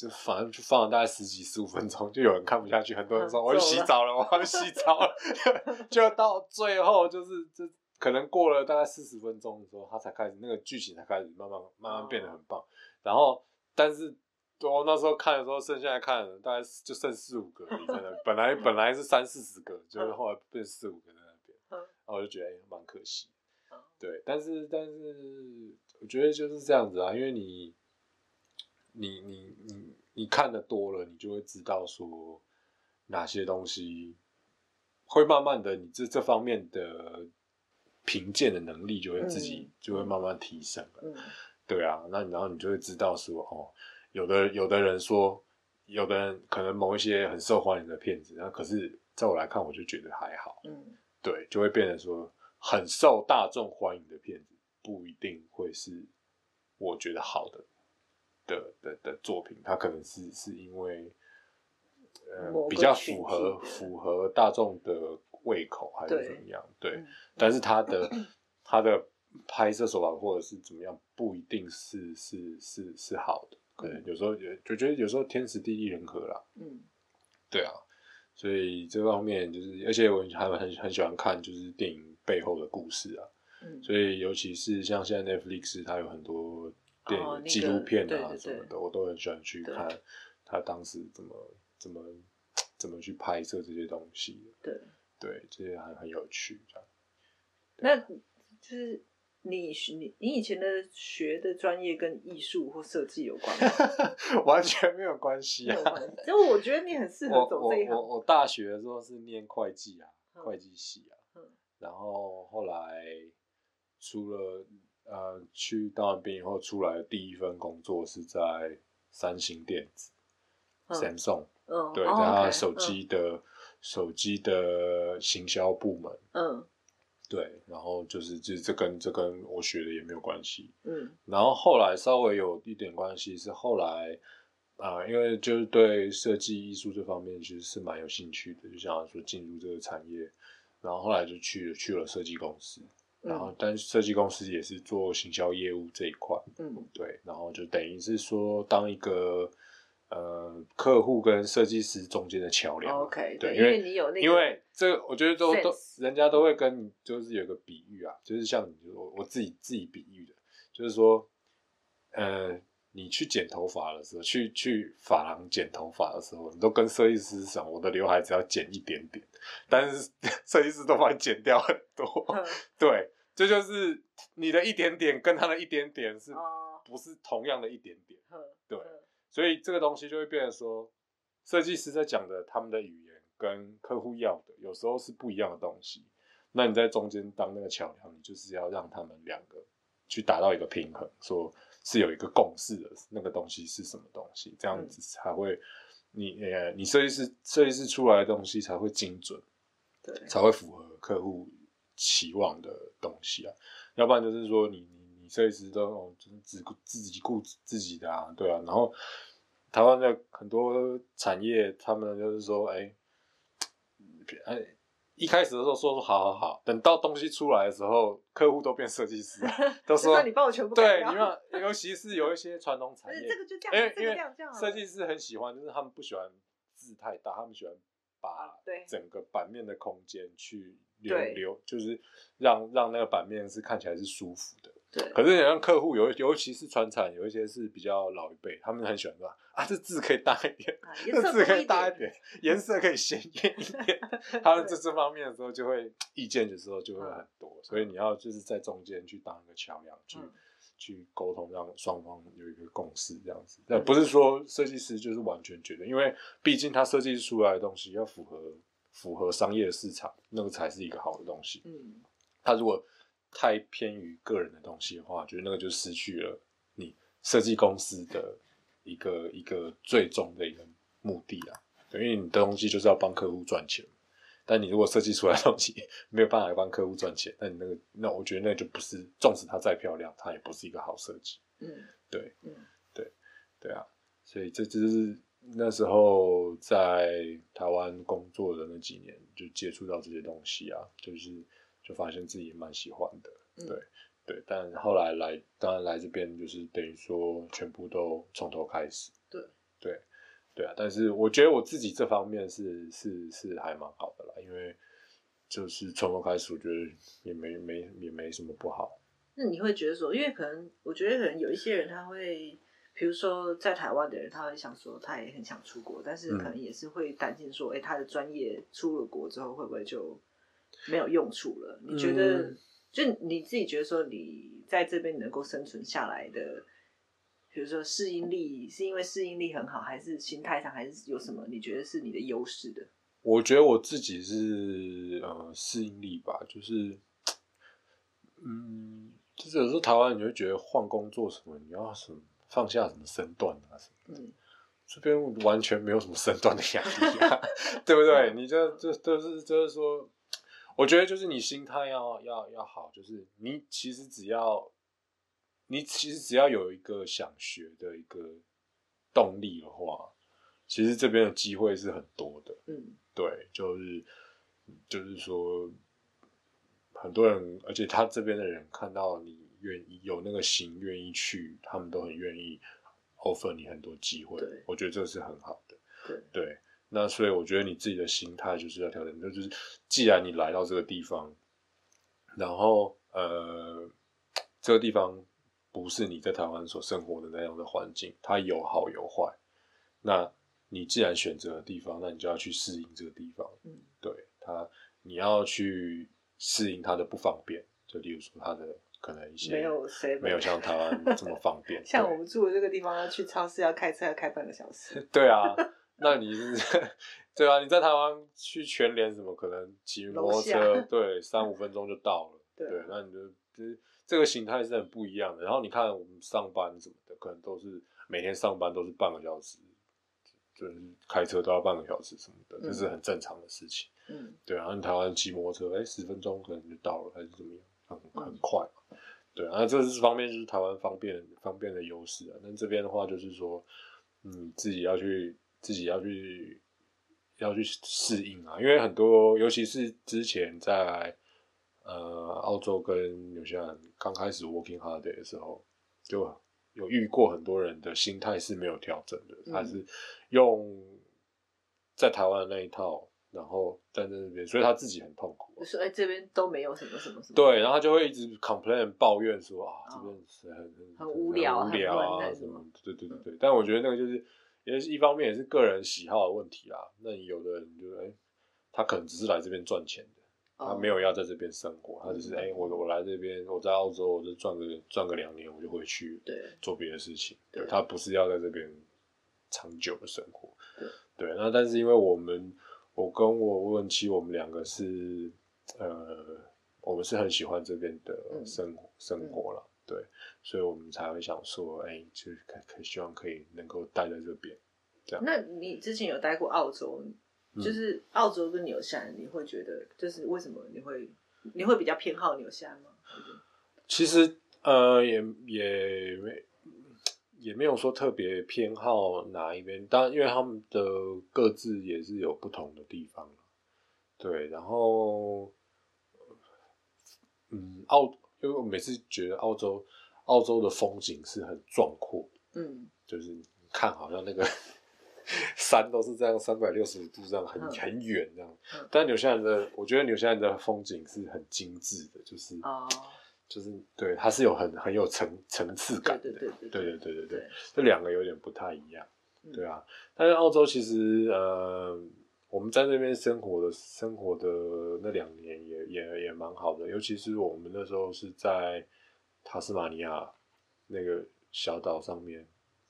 就反正就放了大概十幾十五分鐘，就有人看不下去，很多人說我去洗澡了，我去洗澡了。 就到最後就是這可能過了大概四十分鐘的時候，他才開始那個劇情才開始慢慢慢慢變得很棒。哦、然後，但是我那時候看的時候，剩下來看了大概就剩四五個在那， 本來本來是三四十個，就是後來變四五個在那邊，嗯、然後我就覺得欸、蠻可惜、嗯。對，但是但是我覺得就是這樣子啊，因為你。你你你你看得多了，你就會知道說哪些東西會慢慢的，你這這方面的評鑑的能力就會自己就會慢慢提升了。嗯嗯嗯、對啊，那你然後你就會知道說，哦，有的有的人說，有的人可能某一些很受歡迎的片子，那可是在我來看，我就覺得還好、嗯。對，就會變成說，很受大眾歡迎的片子不一定會是我覺得好的。的的的作品，他可能是是因為、呃，比較符合符合大眾的胃口，還是怎麼樣？對，對嗯、但是他的他、嗯、的拍攝手法或者是怎麼樣，不一定是是是是好的，可能、嗯、有時候也，就覺得有時候天時地利人和啦。嗯，對啊，所以這方面就是，嗯、而且我還很很喜歡看就是電影背後的故事啊，嗯、所以尤其是像現在 Netflix，它有很多。電影紀錄片啊什麼的、哦那個，對對對，我都很喜歡去看。他當時怎麼怎麼怎麼去拍攝這些東西？對對，這些還很有趣、啊。那就是你你你以前的學的專業跟藝術或設計有關嗎？ 完全沒有關係啊。就我覺得你很適合走這一行我我。我大學的時候是念會計啊，嗯、會計系啊、嗯。然後後來除了呃，去當完兵以後出來的第一份工作是在三星電子、嗯、（Samsung），、嗯、對、嗯，在他手機的、哦 okay, 嗯、手機的行銷部門。嗯，對，然後就是就這跟這跟我學的也沒有關係。嗯，然後後來稍微有一點關係是後來啊、呃，因為就是對設計藝術這方面其實是蠻有興趣的，就想說進入這個產業，然後後來就去了去了設計公司。然後，但設計公司也是做行銷業務這一塊，嗯，對，然後就等於是說，當一個呃客戶跟設計師中間的橋樑，OK，對，因為你有，因為那個，因為這個我覺得都都，人家都會跟你，就是有個比喻啊，就是像我我自己我自己比喻的，就是說，呃。你去剪頭髮的時候，去去髮廊剪頭髮的時候，你都跟設計師說：“我的劉海只要剪一點點。”但是設計師都把你剪掉很多。嗯、對，這就，就是你的一點點跟他的一點點是不是同樣的一點點？嗯、對，所以這個東西就會變成說，設計師在講的他們的語言跟客戶要的有時候是不一樣的東西。那你在中間當那個橋梁，你就是要讓他們兩個去達到一個平衡，說、嗯。是有一個共識的那個東西是什麼東西？這樣子才會，你你設計師設計師出來的東西才會精準，對，才會符合客戶期望的東西啊。要不然就是說你你你設計師都、哦、就是自己，自己顧自己的啊，對啊。然後臺灣的很多產業，他們就是說，哎、欸，哎、呃。呃呃一開始的時候說說好，好，好，等到東西出來的時候，客戶都變設計師，都說， 說你幫我全部改掉。對，你們，尤其是有一些傳統產業， 這個就這樣，因為、這個、這樣這樣，設計師很喜歡，就是他們不喜歡字太大，他們喜歡把整個版面的空間去留留，就是讓讓那個版面是看起來是舒服的。對，可是你像客戶有，尤尤其是傳產，有一些是比較老一輩，他們很喜歡說啊，這字可以大一、啊、大一點，這字可以大一點，顏色可以鮮艷一點。 他們這這方面的時候，就會意見的時候就會很多，嗯、所以你要就是在中間去當一個橋梁，去、嗯、去溝通，讓雙方有一個共識，這樣子。那不是說設計師就是完全覺得，因為畢竟他設計出來的東西要符合符合商業的市場，那個才是一個好的東西。嗯，他如果。太偏於個人的東西的話，覺得那個就失去了你設計公司的一個一個最終的一個目的啊。因為你的東西就是要幫客戶賺錢，但你如果設計出來的東西沒有辦法來幫客戶賺錢，那你那個那我覺得那個就不是，縱使它再漂亮，它也不是一個好設計。嗯，對，嗯，對，對啊，所以這就是那時候在台灣工作的那幾年就接觸到這些東西啊，就是。就發現自己也蠻喜歡的，對、嗯、對，但後來來，當然來，來這邊就是等於說全部都從頭開始，對對對啊！但是我覺得我自己這方面是是是還蠻好的啦，因為就是從頭開始，我覺得也沒沒也沒什麼不好。那你會覺得說，因為可能我覺得可能有一些人他會，比如說在台灣的人，他會想說他也很想出國，但是可能也是會擔心說，嗯、哎，他的專業出了國之後會不會就？沒有用處了。你覺得，嗯、就你自己覺得說，你在這邊能夠生存下來的，比如說適應力，是因為適應力很好，還是心態上，還是有什麼？你覺得是你的優勢的？我覺得我自己是呃適應力吧，就是，嗯，就是有時候台灣你會覺得換工作什麼，你要什麼放下什麼身段啊什麼的、嗯、這邊完全沒有什麼身段的壓力、啊、 對不對？你就這都、就是就是說。我覺得就是你心態要要要好，就是你其實只要，你其實只要有一個想學的一個動力的話，其實這邊的機會是很多的。嗯，對，就是就是說，很多人，而且他這邊的人看到你願意有那個心願意去，他們都很願意 offer 你很多機會。對，我覺得這是很好的。對。對。那所以我覺得你自己的心態就是要調整，就是既然你來到這個地方，然後呃，這個地方不是你在台灣所生活的那樣的環境，它有好有壞。那你既然選擇了地方，那你就要去適應這個地方。嗯、對，它你要去適應它的不方便，就例如說它的可能一些沒有沒有像台灣這麼方便， 像我們住的這個地方，要去超市要開車要開半個小時。 對啊。那你是 對啊，你在台灣去全聯什麼可能騎摩托車，對，三五分鐘就到了，對，對那你就這這個形態是很不一樣的。然後你看我們上班什麼的，可能都是每天上班都是半個小時，就是開車都要半個小時什麼的，嗯、這是很正常的事情。嗯、對啊，你台灣騎摩托車，哎、欸，十分鐘可能就到了，還是怎麼樣，很很快。對啊，那這是方面就是台灣方便方便的優勢啊。那這邊的話就是說，你、嗯、自己要去。自己要去要去適應啊，因為很多，尤其是之前在呃澳洲跟，有些人剛開始 working holiday 的時候，就有遇過很多人的心態是沒有調整的，他、嗯、是用在台灣的那一套，然後站在那邊，所以他自己很痛苦。說哎、欸，這邊都沒有什麼什麼什麼。對，然後他就會一直 complain 抱怨說啊，哦、這邊很很很無聊，很無聊啊很什麼。對對對對、嗯，但我覺得那個就是。也是一方面也是個人喜好的問題啦。那有的人就哎、欸，他可能只是來這邊賺錢的，哦，他沒有要在這邊生活，嗯、他只、就是哎、欸，我我來這邊，我在澳洲，我就賺個賺個兩年，我就回去做別的事情對。對，他不是要在這邊長久的生活對。對，那但是因為我們，我跟我未婚妻，我，我們兩個是呃，我們是很喜歡這邊的生活、嗯嗯、生活啦。對，所以我們才會想說，哎、欸，就是可可希望可以能夠待在這邊，這樣。那你之前有待過澳洲，嗯、就是澳洲跟紐西蘭，你會覺得就是為什麼你會你會比較偏好紐西蘭嗎、嗯？其實呃，也也沒也沒有說特別偏好哪一邊，當然因為他們的各自也是有不同的地方了。對，然後嗯，澳。因為我每次覺得澳洲，澳洲的風景是很壯闊，嗯，就是看好像那個山都是這樣三百六十五度這樣、嗯、很很遠這樣。嗯、但紐西蘭的，我覺得紐西蘭的風景是很精致的，就是，哦、就是對，它是有很很有層層次感的、嗯，對對對對對對對，對對對，對這兩個有點不太一樣、嗯，對啊。但是澳洲其實呃。我們在那邊生活的生活的那兩年也也也蠻好的，尤其是我們那時候是在塔斯馬尼亞那個小島上面，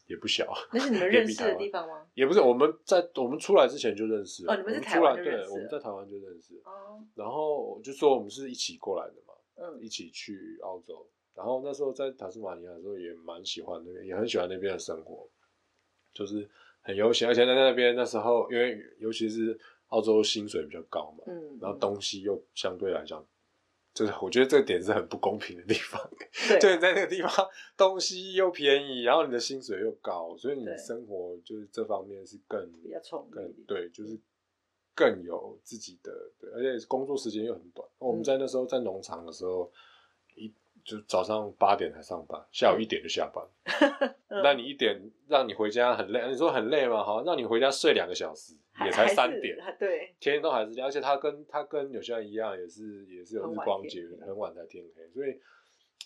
也不小。那是你們認識的地方嗎？也不是，我們在我們出來之前就認識了。哦，你們是台灣認識？對，我們在台灣就認識，哦。然後就說我們是一起過來的嘛。一起去澳洲，然後那時候在塔斯馬尼亞的時候也蠻喜歡那邊，也很喜歡那邊的生活，就是。很悠閒，而且在那邊那時候，因為尤其是澳洲薪水比較高嘛，嗯、然後東西又相對來講，就是我覺得這個點是很不公平的地方。對、啊， 就在那個地方東西又便宜，然後你的薪水又高，所以你生活就是這方面是更對更對，就是更有自己的，對，而且工作時間又很短。嗯、我們在那時候在農場的時候。就早上八點才上班，下午一點就下班。那 你一點讓你回家很累，你說很累嗎？好像，讓你回家睡兩個小時，也才三點，對。天天都還是，而且他跟他跟有些人一樣，也是也是有日光節，很晚才天黑，所以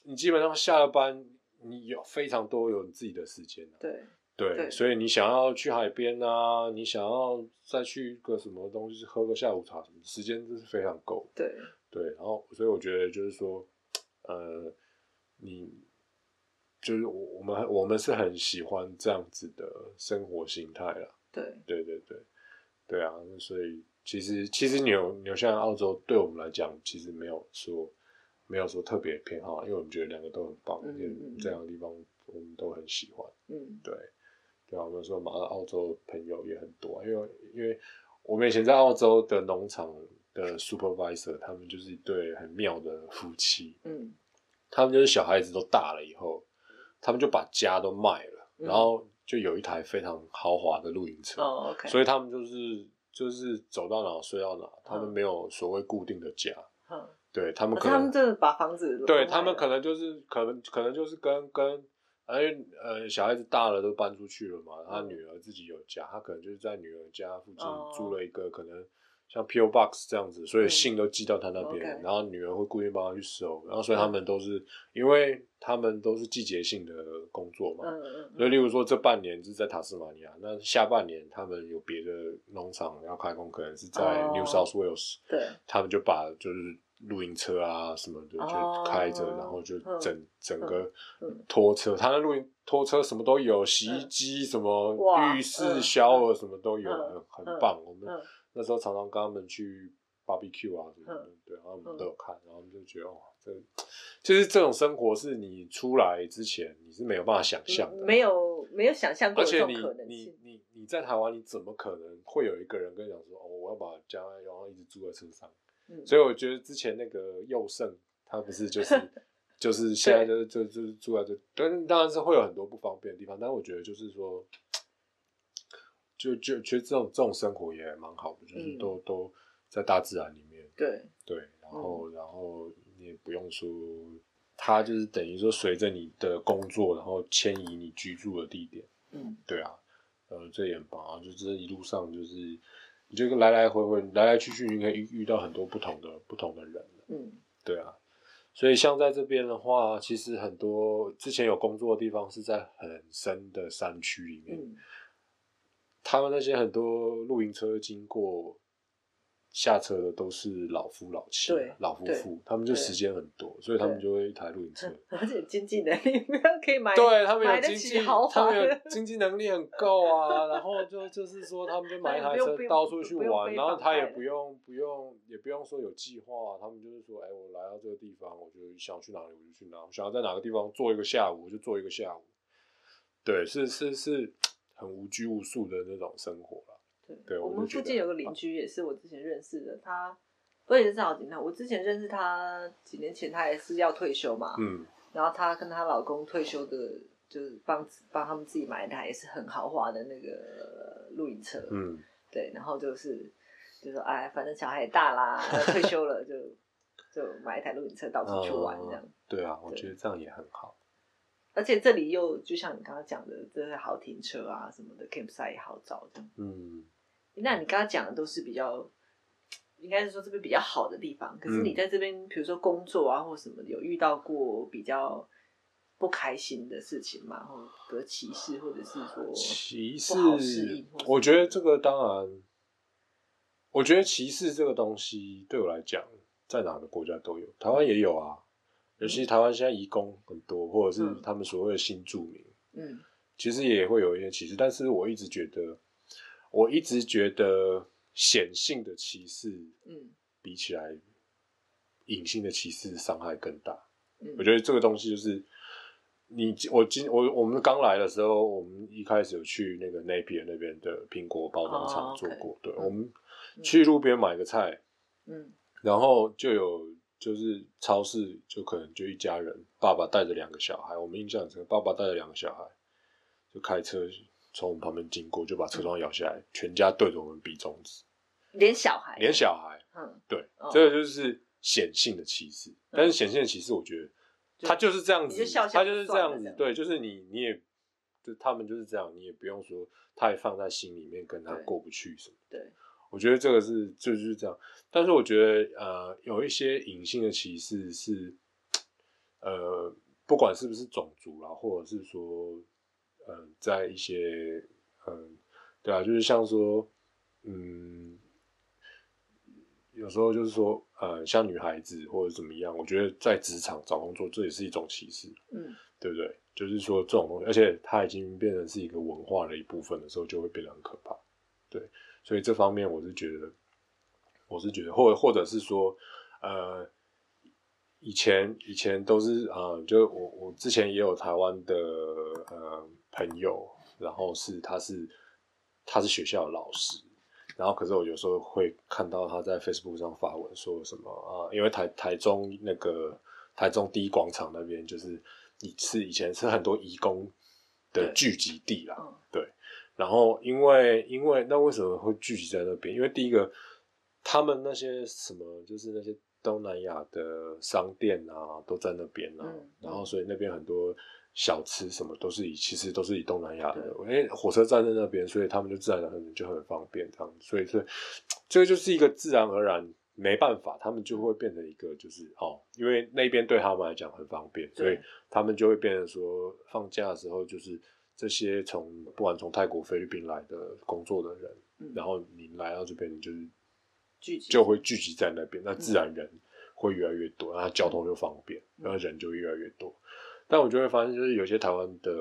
你基本上下了班，你有非常多有你自己的時間啊。對對，對，所以你想要去海邊啊，你想要再去個什麼東西喝個下午茶，什麼時間都是非常夠。對對，然後所以我覺得就是說。呃，你就是我，我們我們是很喜歡這樣子的生活型態啦，對。對對對，對啊，所以其實其實紐西蘭像澳洲，對我們來講，其實沒有說沒有說特別偏好，因為我們覺得兩個都很棒，嗯嗯嗯這樣的地方我們都很喜歡。嗯，對，對啊，我們說馬上澳洲朋友也很多，因為因為我們以前在澳洲的農場的 supervisor，他們就是一對很妙的夫妻。嗯，他們就是小孩子都大了以後，他們就把家都賣了，嗯、然後就有一台非常豪華的露營車。哦，OK。所以他們就是就是走到哪兒、嗯、睡到哪兒，他們沒有所謂固定的家。嗯，對，他們可能、啊、他們真的對他們可能就是把房子對他們可能就是可能可能就是跟跟因為呃小孩子大了都搬出去了嘛、嗯，他女兒自己有家，他可能就是在女兒家附近租了一個、哦、可能。像 PO Box 這樣子，所以信都寄到他那邊、嗯，然後女兒會故意幫他去收、嗯，然後所以他們都是、嗯，因為他們都是季節性的工作嘛，所、嗯、以、嗯、例如說這半年是在塔斯馬尼亞，那下半年他們有別的農場要開工，可能是在 New South Wales，對、哦，他們就把就是露營車啊什麼的、哦、就開着，然後就整、嗯、整個拖車，嗯嗯、他的露營拖車什麼都有，洗衣機什麼浴、嗯、浴室、小、嗯、二什麼都有，嗯、很棒、嗯，我們。嗯那時候常常跟他們去 BBQ 啊什麼的，對，然後我們都有看，然後我們就覺得哇，這就是這種生活，是你出來之前你是沒有辦法想象的、嗯，沒有沒有想象過這種可能性。而且你你你你在台灣，你怎麼可能會有一個人跟你講說哦，我要把家然後一直住在車上、嗯？所以我覺得之前那個佑勝，他不是就是 就是現在就是就就是住在這，但是當然是會有很多不方便的地方，但是我覺得就是說。就就其實這種這種生活也蠻好的、嗯，就是都都在大自然裡面，對對，然後、嗯、然後你也不用說，他就是等於說隨着你的工作，然後遷移你居住的地點，嗯，對啊，呃，這也很棒，就這、是、一路上就是你就來來回回來來去去，你可以遇遇到很多不同的不同的人，嗯，對啊，所以像在這邊的話，其實很多之前有工作的地方是在很深的山區裡面。嗯他們那些很多露營車經過下車的都是老夫老妻，啊對，老夫婦，他們就時間很多，所以他們就會一台露營車。而且經濟能力可以買，對他們有經濟，買得起豪華的，他們有經濟能力很夠啊。 然後就就是說，他們就買一台車到處去玩，然後他也不用不用，也不用，不用也不用說有計劃，啊，他們、啊啊啊啊啊啊、就是說，哎、欸，我來到這個地方，我就想去哪裡我就去哪裡，我想要在哪個地方坐一個下午我就坐一個下午。對，是是是。無拘無束的那種生活。對對，我，我們附近有個鄰居也是我之前認識的，他不也是好吉他？我之前認識他幾年前，他也是要退休嘛。嗯。然後他跟他老公退休的，就是幫幫他們自己買一台也是很豪華的那個露營車。嗯。對，然後就是就是、說哎，反正小孩也大啦，退休了就 就買一台露營車到處去玩這樣。嗯、對啊對，我覺得這樣也很好。而且這裡又就像你剛剛講的，這是好停車啊，什麼的，campsite 也好找的。嗯，那你剛剛講的都是比較，應該是說這邊比較好的地方。可是你在這邊、嗯，比如說工作啊，或什麼，有遇到過比較不開心的事情嗎？或者歧視，或者是說歧視？我覺得這個當然，我覺得歧視這個東西對我來講，在哪個國家都有，台灣也有啊。嗯尤其台灣現在移工很多，嗯、或者是他們所謂的新住民，嗯，其實也會有一些歧視。嗯、但是我一直覺得，我一直覺得顯性的歧視，嗯，比起來隱性的歧視傷害更大、嗯。我覺得這個東西就是你，我今我我們剛來的時候，我們一開始有去那個、Napier、那邊的蘋果包裝廠做過，哦、okay，對、嗯，我們去路邊買個菜，嗯，然後就有。就是超市，就可能就一家人，爸爸帶着兩個小孩。我們印象很深，爸爸帶着兩個小孩，就開車從我們旁邊經過，就把車窗搖下來、嗯，全家對着我們比中指，連小孩，連小孩，嗯，對，哦、這個就是顯性的歧視。嗯、但是顯性的歧視，我覺得、嗯、他就是這樣子，就，你就笑笑算是這樣子，他就是這樣子，算是這樣子，對，就是你你也，就他們就是這樣，你也不用說太放在心裡面，跟他過不去什麼，對。對我覺得這個是，就是這樣。但是我覺得，呃，有一些隱性的歧視是，呃，不管是不是種族啦，或者是說，嗯、呃，在一些，嗯、呃，對啊，就是像說，嗯，有時候就是說，呃，像女孩子或者怎麼樣，我覺得在職場找工作這也是一種歧視，嗯，對不對？就是說這種東西，而且它已經變成是一個文化的一部分的時候，就會變得很可怕，對。所以這方面我是覺得，我是覺得，或者或者是說，呃，以前以前都是啊、呃，就我我之前也有台灣的呃朋友，然後是他是他是學校的老師，然後可是我有時候會看到他在 Facebook 上發文說什麼啊、呃，因為台台中那個台中第一廣場那邊就是，是以前是很多移工的聚集地啦，yeah. 對。然後因為，因為因為那為什麼會聚集在那邊？因為第一個，他們那些什麼，就是那些東南亞的商店啊，都在那邊啊。嗯、然後，所以那邊很多小吃什麼都是以，其實都是以東南亞的。哎，火車站在那邊，所以他們就自然而然就很就很方便這樣。所以，所以，這個就是一個自然而然，沒辦法，他們就會變成一個就是哦，因為那邊對他們來講很方便，所以他們就會變成說放假的時候就是。這些從不管從泰國、菲律賓來的工作的人、嗯，然後你來到這邊，你就是就會聚集在那邊，那自然人會越來越多，然、嗯、後交通就方便，然後、嗯、人就越來越多。嗯、但我就會發現，就是有些台灣的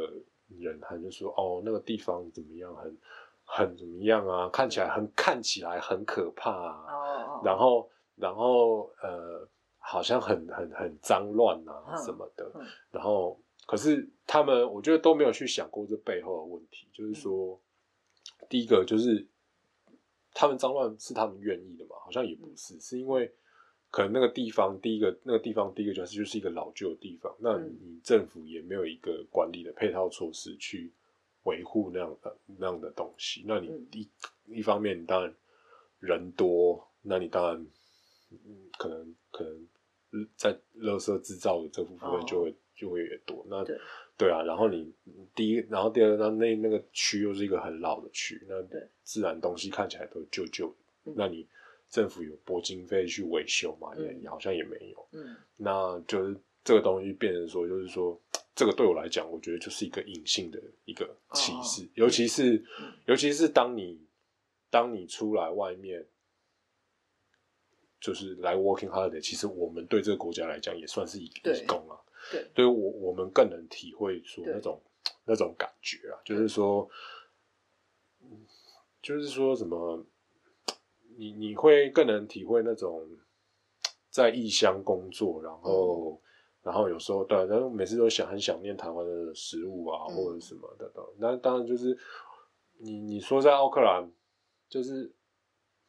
人他就說、嗯：“哦，那個地方怎麼樣？很很怎麼樣啊？看起來很看起來很可怕啊！哦哦然後然後呃，好像很很很髒亂啊什麼的。嗯嗯”然後。可是他們，我覺得都沒有去想過這背後的問題。就是說，第一個就是，他們髒亂是他們願意的嘛？好像也不是，是因為可能那個地方，第一個那個地方，第一個就是就是一個老舊的地方。那你政府也沒有一個管理的配套措施去維護那樣的那樣的東西。那你一一方面，你當然人多，那你當然可能可能在垃圾製造的這部分就會。就會越多，那對，對啊，然後你第一，然後第二，那那那個區又是一個很老的區，那自然東西看起來都舊舊，那你政府有撥經費去維修嘛、嗯？也，也好像也沒有，嗯，那就是這個東西變成說，就是說這個對我來講，我覺得就是一個隱性的一個歧視，哦、尤其是尤其是當你當你出來外面，就是來 working holiday 的，其實我們對這個國家來講也算是一個義工啊。對，對，對我我們更能體會說那種那種感覺啊，就是說，嗯嗯、就是說什麼，你你會更能體會那種在異鄉工作，然後、嗯、然後有時候對，然後每次都想很想念台灣的食物啊，或者什麼等等。那、嗯、當然就是你你說在奧克蘭，就是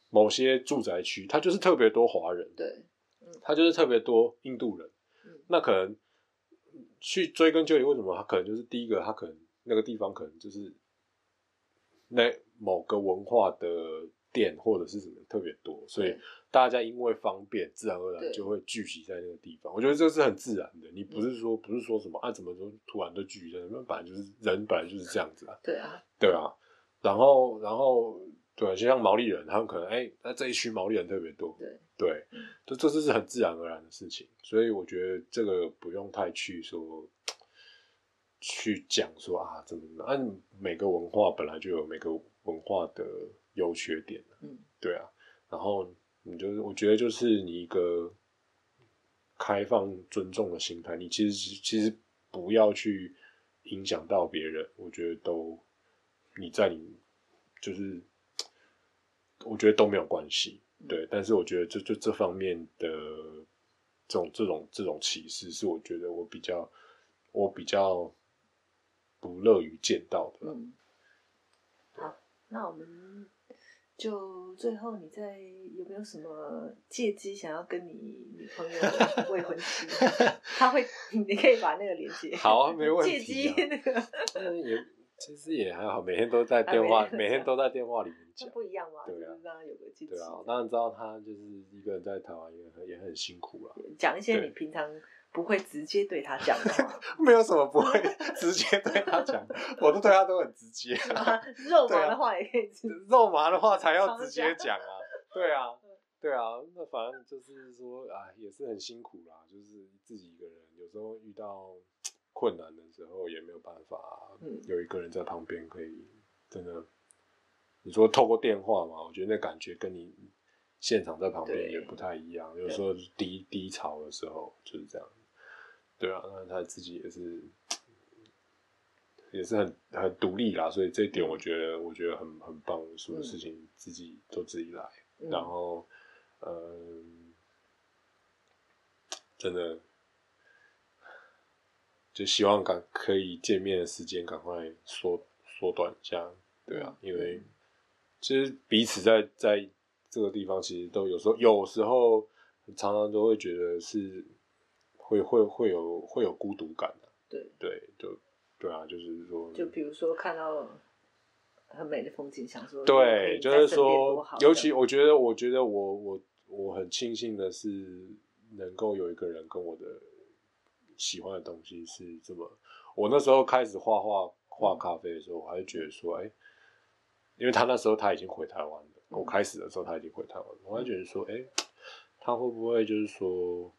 某些住宅區，它就是特別多華人，對，嗯、它就是特別多印度人，嗯、那可能。去追根究底，為什麼他可能就是第一個？他可能那個地方可能就是那某個文化的店，或者是什麼特別多，所以大家因為方便，自然而然就會聚集在那個地方。我覺得這個是很自然的，你不是說不是說什麼啊，怎麼就突然就聚集在那邊？那本來就是人，本來就是這樣子啊。對啊，對啊。然後，然後。對，就像毛利人，他們可能哎，那這一區毛利人特別多，對對，就這這是很自然而然的事情。所以我覺得這個不用太去說去講說啊怎麼怎麼，按、啊、每個文化本來就有每個文化的優缺點，嗯，對啊。然後你就是，我覺得就是你一個開放尊重的心態，你其實其實不要去影響到別人，我覺得都你在你就是。我覺得都沒有關係，對。但是我覺得這、這、這方面的這種、這種、這種歧視，是我覺得我比較、我比較不樂於見到的。嗯。好，那我們就最後，你在有沒有什麼借機想要跟你女朋友、未婚妻？ 他會，你可以把那個連接。好啊，沒問題啊。借機那個。其實也還好，每天都在電話，每天都在電話裡面講，不一樣嘛。對啊，就是、有個對啊，當然知道他就是一個人在台灣，也也很辛苦啦、啊。講一些你平常不會直接對他講的話。 沒有什麼不會直接對他講， 我都對他都很直接啊。啊肉麻的話也可以、啊。肉麻的話才要直接講啊！對啊，對啊，那反正就是說啊，也是很辛苦啦、啊，就是自己一個人，有時候遇到。困難的時候也沒有辦法，有一個人在旁邊可以，真的，你說透過電話嘛，我覺得那感覺跟你現場在旁邊也不太一樣。有時候低低潮的時候就是這樣，對啊，那他自己也是，也是很很獨立啦，所以這一點我覺得，嗯、我覺得很很棒，什麼事情、嗯、自己做自己來，然後，嗯，真的。就希望趕可以見面的時間趕快縮縮短，這樣。對啊，嗯、因為其實彼此在在這個地方，其實都有時候，有時候常常都會覺得是會會會有會有孤獨感的，對對對就對啊，就是說，就比如說看到很美的風景，想說，對，就是說，尤其我覺得，我覺得我我我很慶幸的是能夠有一個人跟我的。喜歡的東西是這麼，我那時候開始畫畫畫咖啡的時候，我還是覺得說，哎，因為他那時候他已經回台灣了，我開始的時候他已經回台灣了，我還覺得說，哎，他會不會就是說？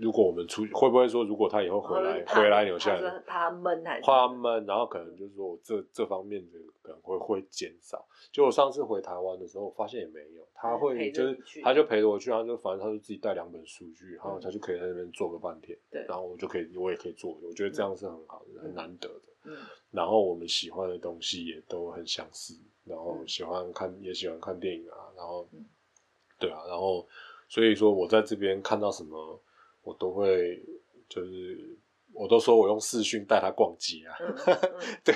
如果我們出去，會不會說，如果他以後回來？回來留下來。怕悶還是？怕悶，然後可能就是說我這這方面的可能會會減少。就我上次回台灣的時候，我發現也沒有，他會就是他就陪着我去，他就反正他就自己帶兩本書，然後他就可以在那邊坐個半天。對，然後我就可以我也可以做，我覺得這樣是很好的、嗯，很難得的。嗯。然後我們喜歡的東西也都很相似，然後喜歡看、嗯、也喜歡看電影啊，然後，嗯、對啊，然後，所以說，我在這邊看到什麼。我都會，就是，我都說我用視訊帶他逛街啊、嗯嗯、 啊，對，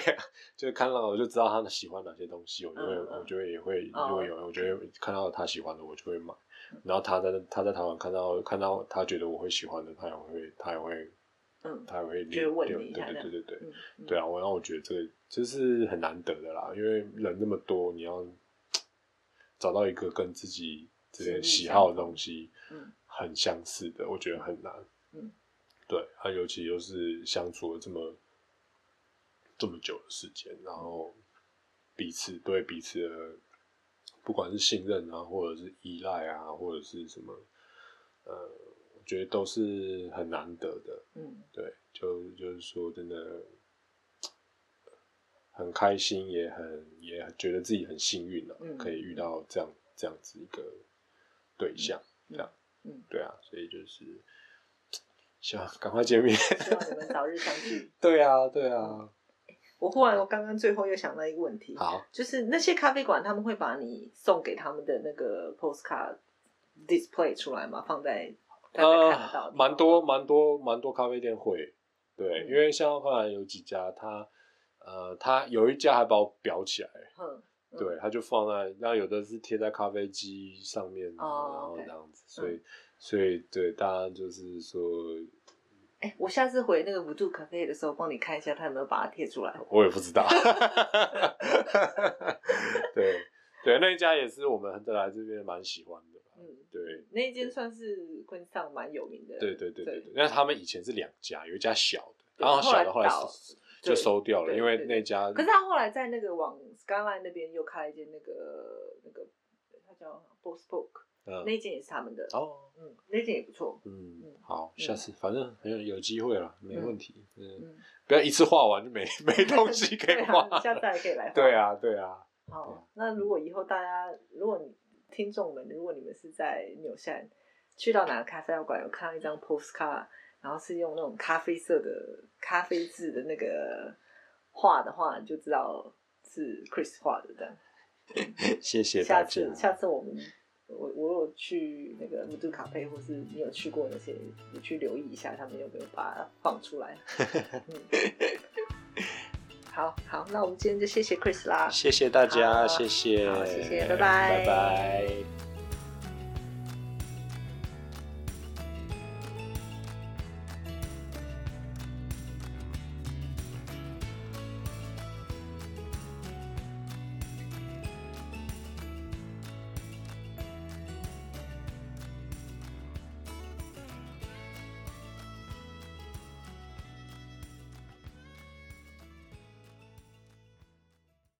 就是看到我就知道他喜歡哪些東西，我就會，嗯嗯、我就會也會、嗯，就會有、嗯，我覺得看到他喜歡的，我就會買。嗯、然後他在他在台灣看到看到他覺得我會喜歡的，他也會他也會，他也會，嗯也會也會嗯、對，對對對對對對，嗯、對啊，我讓我覺得這個，這、就是很難得的啦，因為人那麼多，你要找到一個跟自己這些喜好的東西，嗯嗯很相似的，我覺得很難。嗯，對，他尤其又是相處了這麼這麼久的時間，然後彼此對彼此的，不管是信任啊，或者是依賴啊，或者是什麼，呃，我覺得都是很難得的。嗯，對，就就是說，真的很開心，也很也覺得自己很幸運了，啊嗯，可以遇到這樣這樣子一個對象，嗯，這樣。嗯，對啊，所以就是希望趕快見面，希望你們早日相聚。 對啊，對啊。我忽然，啊、我剛剛最後又想到一個問題，好，就是那些咖啡館他們會把你送給他們的那個 postcard display 出來嗎？放在大家蠻多蠻多蠻多咖啡店會，對，嗯、因為像後來有幾家，他呃，他有一家還把我裱起來。嗯嗯、對，他就放在，那有的是貼在咖啡機上面，哦，然後這樣子，嗯、所以，所以對，當然就是說，哎、欸，我下次回那個 Vudu 咖啡的時候，幫你看一下他有沒有把它貼出來。我也不知道。 對，對，那一家也是我們來這邊蠻喜歡的。嗯，對，對那一間算是 Queenstown 蠻有名的。對對對對對，那他們以前是兩家，有一家小的，然後小的後來。後來是就收掉了對對對對，因為那家。可是他後來在那個往 Skyline 那邊又開了一間那個那個，他叫 Post Book，、嗯、那一間也是他們的哦，嗯，那一間也不錯，嗯，嗯好、啊，下次反正還有有機會了，沒問題嗯嗯，嗯，不要一次畫完就沒沒東西可以畫、 啊，下次還可以來畫，對啊，對啊。好，嗯、那如果以後大家，如果你聽眾們，如果你們是在紐西蘭，去到哪個咖啡館有看到一張 Postcard，然後是用那種咖啡色的、咖啡質的那個畫的話，你就知道是 Chris 畫的。這樣，謝謝大家，下次，下次我們我我有去那個 Vudu 卡佩，或是你有去過那些，你去留意一下，他們有沒有把它放出來。 好好，那我們今天就謝謝 Chris 啦，謝謝大家，謝謝，謝謝，拜拜。拜拜。